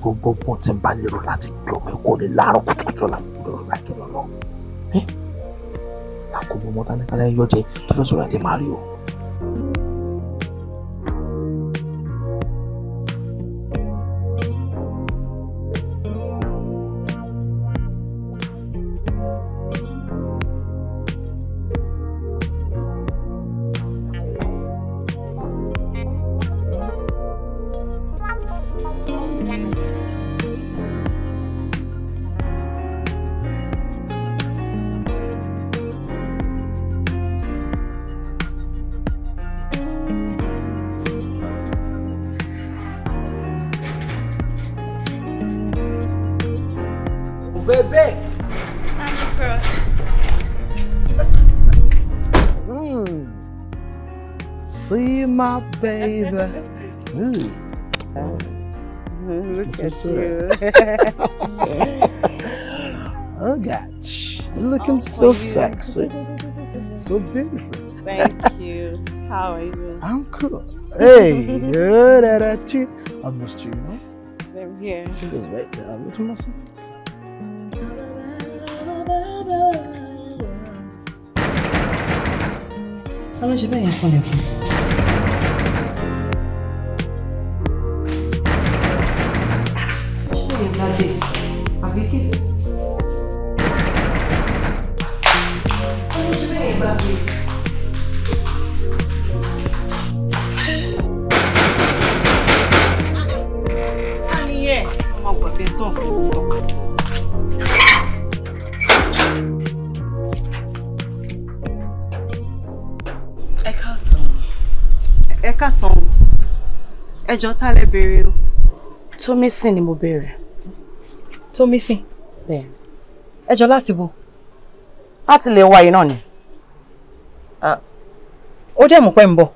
gbogbo gbogbo tí n bá láti lóde láàárọ̀ kùtùkùtù ọ̀la lọ́rọ̀ bá ìtọ́lọ́ lọ. àkóbọ̀ mọ́tánẹ́kálá yọjẹ tó fẹ́ sọ̀rọ̀ àti máa rí o. so sexy, so beautiful. Thank you. How are you? I'm cool. Hey, good at it. I've missed you, you know? Same here. She was right there. I am at myself. Alô, de bem, Afonso. gbà pé. Táníyẹ̀ ọmọ gbàgbé tán fún ìtọ́. Ẹ káàsán. Ẹ káàsán o. Ẹjọ́ tá lẹ béèrè o. Tómísìn ni mo béèrè. Tómísìn? Bẹ́ẹ̀ni. Ẹjọ́ láti bo. Láti lè wáyé náà ni ó dẹ̀ mú pẹ́ ń bọ̀.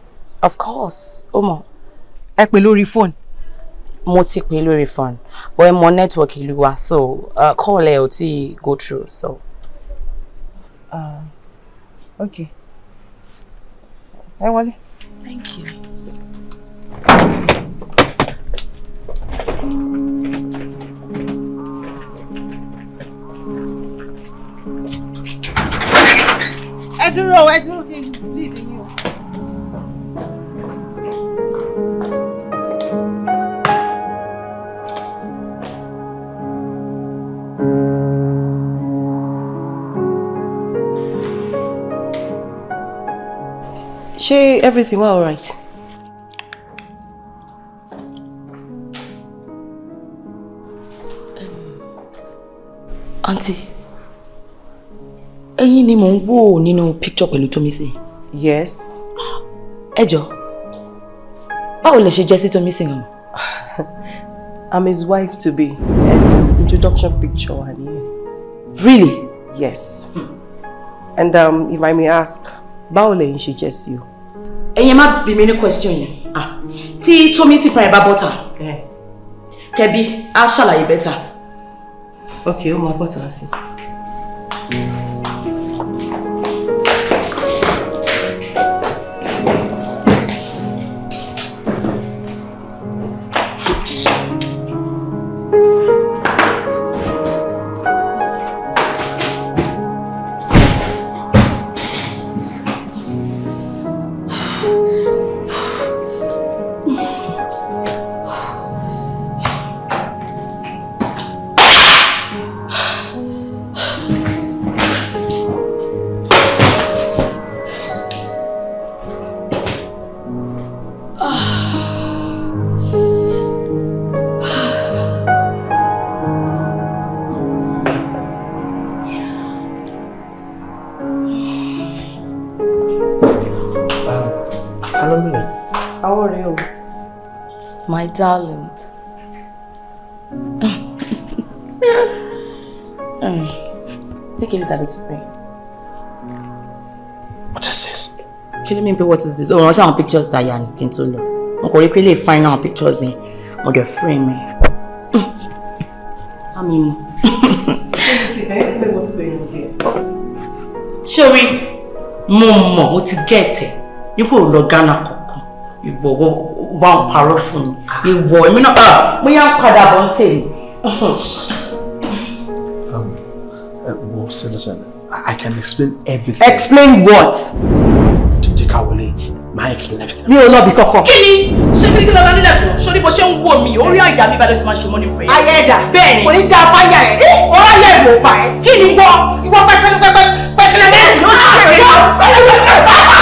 of course ó mọ̀. ẹ pè lórí fóònù. mo ti pè lórí fóònù but ẹ mọ network ìlú wa so uh, call ẹ ò tí ì go through so. Uh, okay ẹ wọlé. thank you. ẹ dúró ẹ dúró kí n lè dé. ṣé everything wà alright. àǹtí um, ẹ̀yin ni mò ń wò nínú picture pẹ̀lú Tómisìn. yes. ẹ jọ báwo lẹ ṣe jẹ́ sí Tómisìn gan. [laughs] I'm his wife to be and the introduction picture wa nìyẹn. really. yes. and um, if I may ask báwo lẹ̀yin ṣe jẹ́ sí o ẹ̀yin má bí mi ní question yẹn ah, tí tómi see from your bá Yeah. kẹbi I shall I better. Okay, máa bọ́tà sí i. darling. um, [laughs] take a look at this frame. What is this? Kí ló mean what is this? Oh, I some pictures that you are into lọ. Mo kò rí pé find out pictures ni on the frame mi. [laughs] I mean. [laughs] Ṣé o rí? Mo mọ̀, mo ti gẹ̀ẹ́tẹ̀. You lọ Ghana kọ ìbọ̀wọ̀ wà ń parọ́ fún mi ìwọ èmi náà bóyá ń padà bọ̀ ń tè mí. Well, listen, I can explain everything. Explain what? Jíkà wọlé, máa explain everything. Mi ò lọ bí kọ́kọ́. Kí ni? Ṣé kí ni kí lọ́la nílẹ̀ fún? Ṣé ní bó ṣe ń wò mí? Orí àyà mi balẹ̀ sí máa ṣe mọ́ ní pẹ̀. Ayé ẹ̀dà. Bẹ́ẹ̀ni. Kò ní da fáyà ẹ̀. Ọ̀rọ̀ ayé ẹ̀ ló bá ẹ̀. Kí ni ìwọ? Ìwọ pẹ́kẹ́lẹ́ pẹ́kẹ́lẹ́ pẹ́kẹ́lẹ́ mẹ́rin ló ṣe é.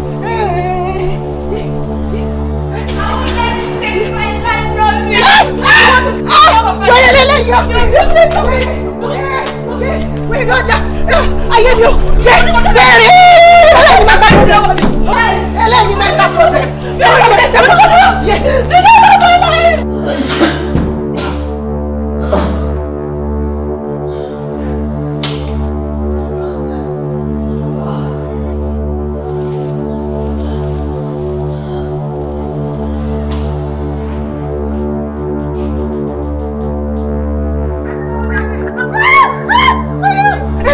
lọ́yẹ̀ lẹ́lẹ́ yọ wíì lọ́jà ayé mi ò yẹ bẹ́ẹ̀rẹ̀ ẹlẹ́yìn mẹ́ta ẹlẹ́yìn mẹ́ta fọlẹ̀ ẹlẹ́yìn mẹ́ta fọlẹ̀ yẹ dídá bàbá ẹlẹ́yìn.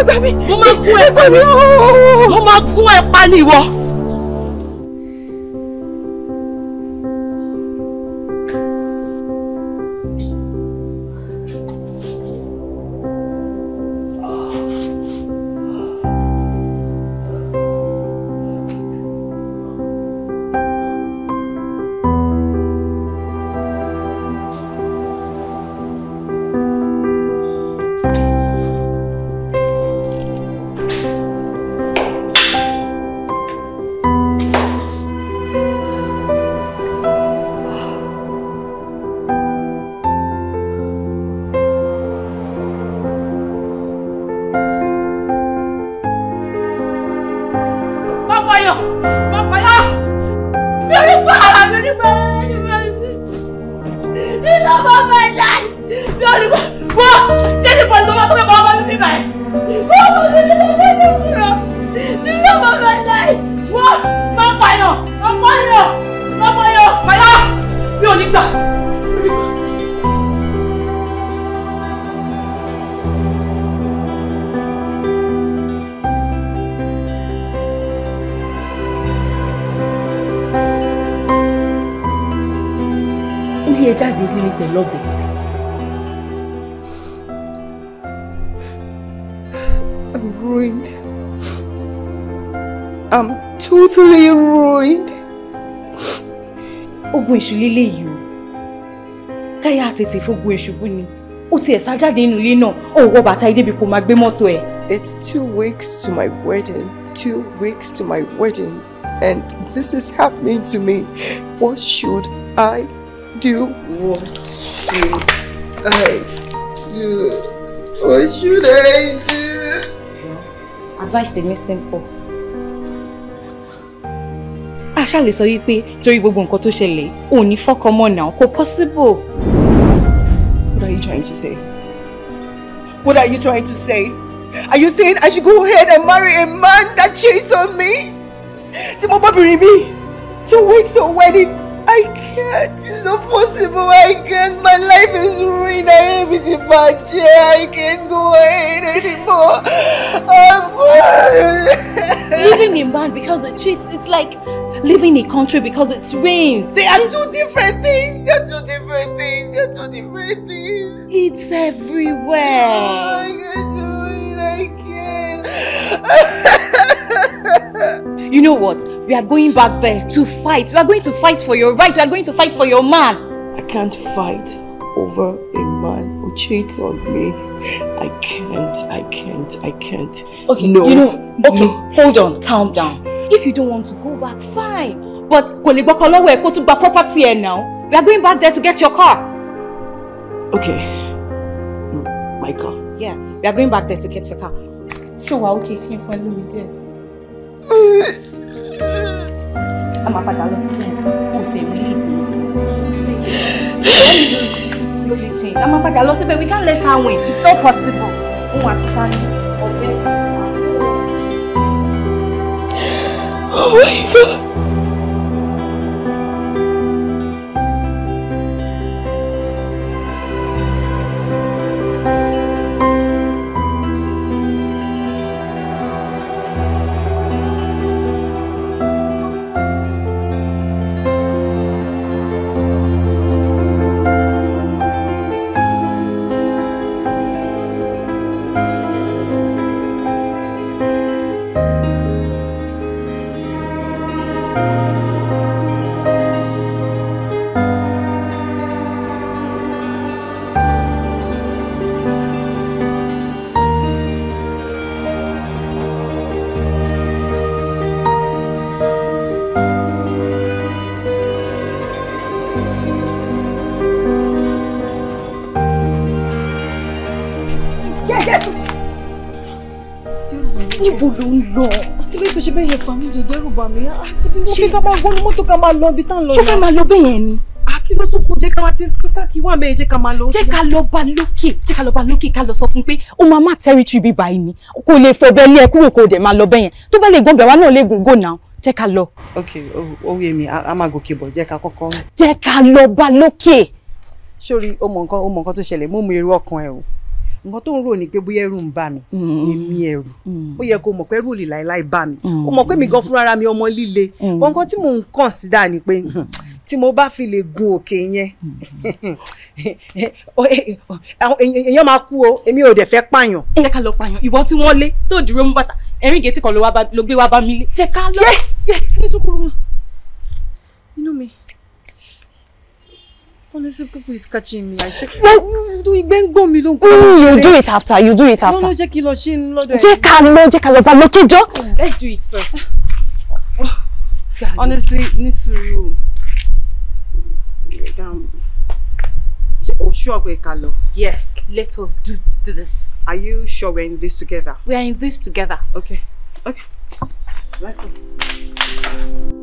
gbà mí. mo máa gún ẹ pa ni. mo máa gún ẹ pa ni ìwọ. èṣù lílé yìí o káyà tètè fógun èṣù bú ni ó tiẹ̀ sá jáde nínú ilé náà ó wọ bàtà ilé ibi kò máa gbé mọ́tò ẹ̀. It's two weeks to my wedding two weeks to my wedding and this is happening to me what should I do? What should I do? What should I do? Advice tèmi simple. sọ pé torí gbogbo tó ṣẹlẹ̀ ò ní kò possible. What are you trying to say? What are you trying to say? Are you saying I should go ahead and marry a man that cheats on me? Tí mo bá bìnrin mi two weeks of wedding I can't. It's not possible. I can't. My life is ruined. I am in a bad chair. I can't go ahead anymore. I'm Living in man because it cheats like leaving a country because it's rain. They are two different things. They're two different things. They're two different things. It's everywhere. Oh, [laughs] you know what? We are going back there to fight. We are going to fight for your right. We are going to fight for your man. I can't fight over a man who cheats on me. I can't, I can't, I can't. Okay, no. You know, okay, no. hold on, calm down. if you don't want to go back fine but Koligwa lè gbọ́kọ̀ lọ́wọ́ back kó tún property ẹ̀ now we are going back there to get your car. okay my car. yeah we are going back there to get your car. ṣé wàá ó kì í ṣe fún ẹ lómi díẹ̀ sí. a máa padà lọ sí ilé ẹ̀sìn kò tẹ̀ mí lè tì mí. a máa padà lọ síbẹ̀ we can't let her win it's not possible. òun àti sáré ọ̀gbẹ́. Oh my god! bó ló ń lọ. torí tó ṣe bẹ́ẹ̀ yẹn fún mi lè dẹ́rù bà mí. Ah, mo fi ká máa gbóni mọ́tò ká máa lọ ibi tá à ń lọ. ṣé fẹ́ máa lọ bẹ́ẹ̀ yẹn ni. Ah, kí ló tún kù jẹ́ ká wá ti pé káàkiri wà mẹ́rin jẹ́ ká máa lọ. jẹ́ ká lọ bá lókè jẹ́ ká lọ bá lókè ká lọ sọ fún pé ó máa má tẹ́rìtì bíbá yìí ni kò lè fẹ́ bẹ́ẹ̀ lé ẹ kúrò kó dẹ̀ máa lọ bẹ́ẹ̀ tó bá lè gbọ́n bẹ̀ wá náà lè gùn náà jẹ́ ká lọ. ok ó yé mi a máa gòkè bọ̀ jẹ́ ká kọ́kọ́. jẹ́ ká lọ bá lókè. sórí o mọ nǹkan o mọ nǹkan tó ṣẹlẹ̀ mo mú irú ọkàn ẹ o nǹkan tó ń rò ní pé bóyá ẹ̀rù ń bà mí mm. èmi ẹ̀rù mm. ó yẹ kó mọ̀ pé ẹ̀rù ò lè láéláé bà mí mm. ó mọ̀ pé mi gan fúnra mi ọmọ líle nǹkan tí mò ń consider ni pé tí mo bá fi lè gun òkè yẹn [laughs] èèyàn máa kú o èmi ò dẹ̀ fẹ́ pààyàn. ẹ jẹ́ ká lọ pààyàn ìwọ tí wọ́n lé tó dúró mú bàtà ẹ̀rín gèétì kan ló wá bá mi lé jẹ́ ká lọ. yẹ yẹ ní sùkúrú náà. honestly, people is catching me. I say, well, do igbe ngbo mi ló nko. You do it after. You do it after. No, no, jẹ́ kí lọ ṣe nlodo e. Jẹ́ ká lọ, jẹ́ ká lọ bá Let's do it first. [sighs] honestly, ní sùúrù. Um, Oh, sure we can lọ. Yes, let us do this. Are you sure we're in this together? We are in this together. Okay. Okay. Let's go.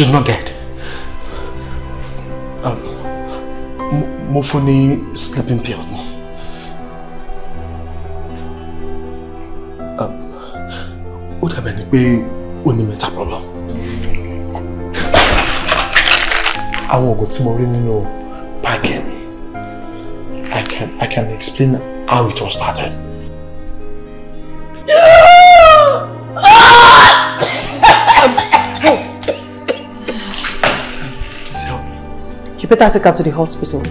she's not dead. Um, mo fún ní sleeping pill ni. Um, ó dàbẹ̀ ni pé ó ní mental problem. àwọn oògùn tí mo rí nínú know, mi I can I can explain how it all started. take her to the hospital.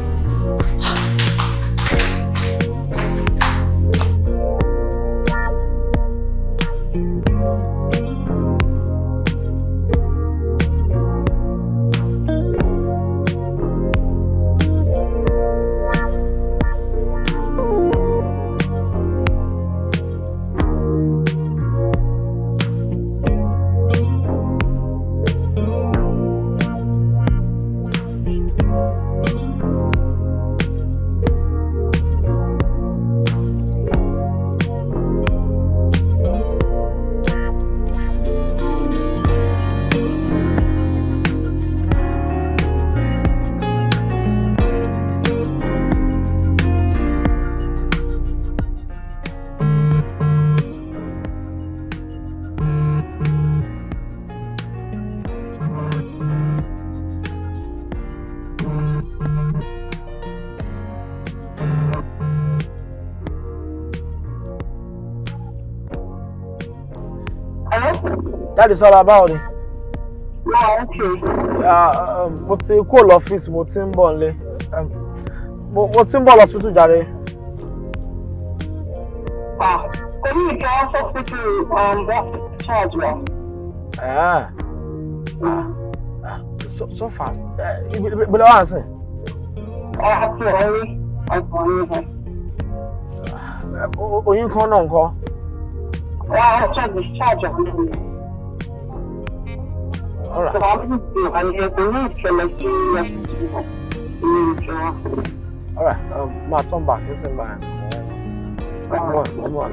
that is all about it. Yeah, okay. Yeah, um, mo ti kó lọ ọ́fíìsì mo ti ń bọ̀ nílé um, mo ti ń bọ̀ lọ hospital jàre. Orí ìjọ hospital wọ́n charge wa. Ah, ah, ah, so, so fast. Ìgbìlẹ̀ eh, wà sìn. Àti ọ̀rẹ́ ọ̀gbọ̀n ní ibẹ̀. Eh, oyin kan náà ń kọ́. Wọ́n á charge wa sọ̀rọ̀ àbúrò nǹkan ní ẹgbẹ́ ní ìṣẹ̀lẹ̀ sí ilé ìṣẹ̀ wọn. máa tán bá kí n sì máa. Come on, come on.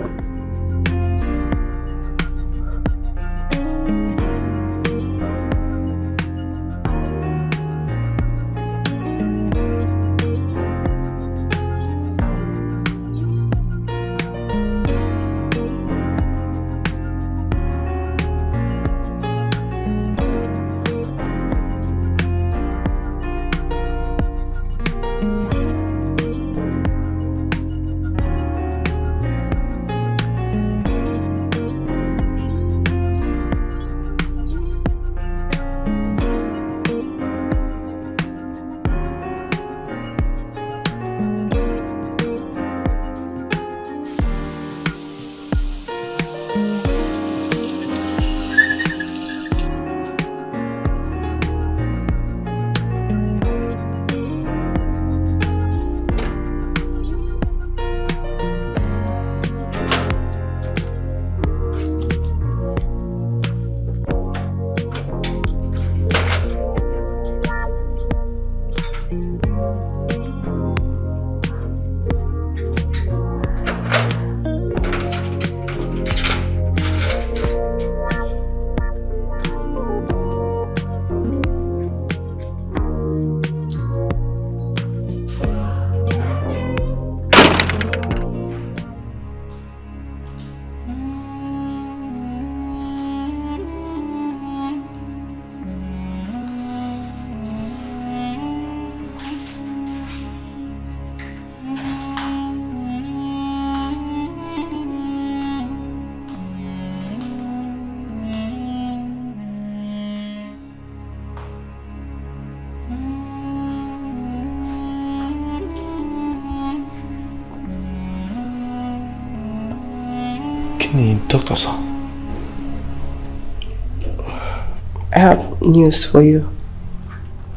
news for you.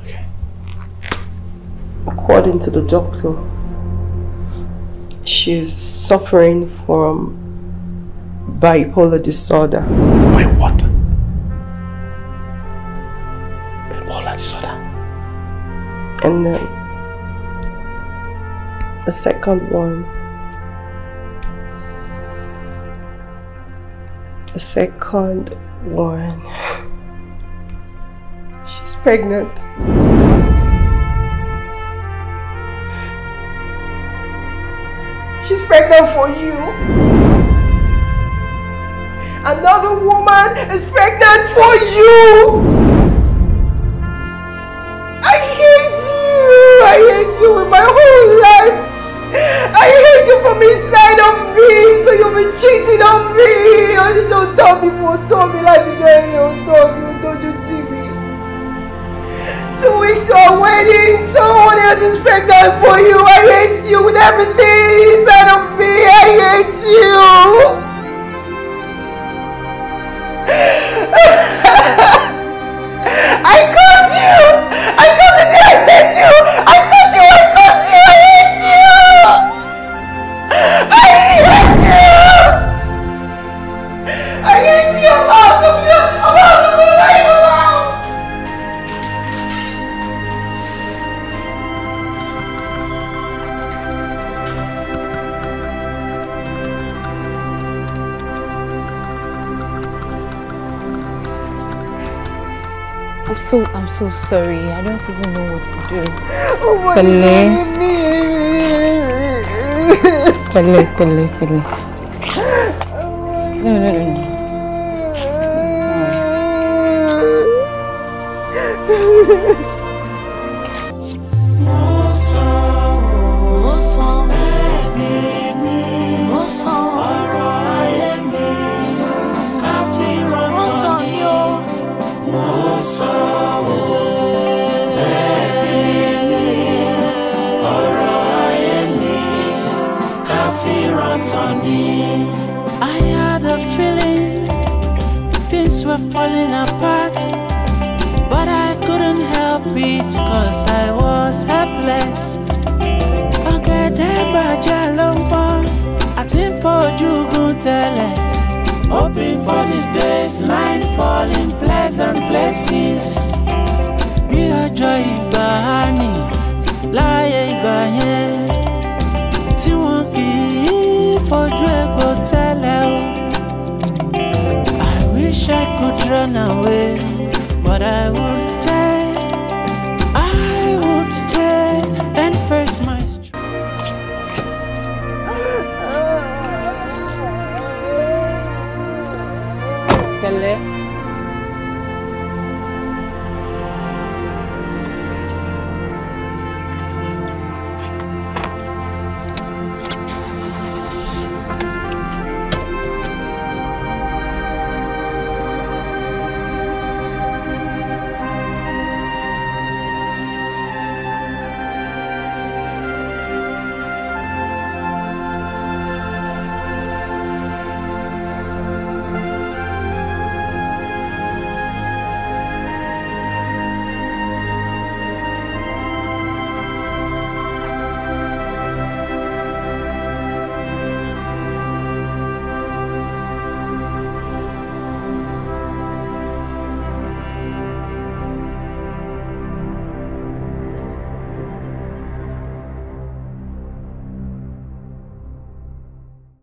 Okay. According to the doctor, she's suffering from bipolar disorder. By what? Bipolar disorder. And then the second one. The second one pregnant. She's pregnant for you. Another woman is pregnant for you. Everything. so I'm so sorry. I don't even know what to do. Oh my Pẹ̀lẹ́. Pẹ̀lẹ́, Pẹ̀lẹ́, Pẹ̀lẹ́. Oh no, no, no.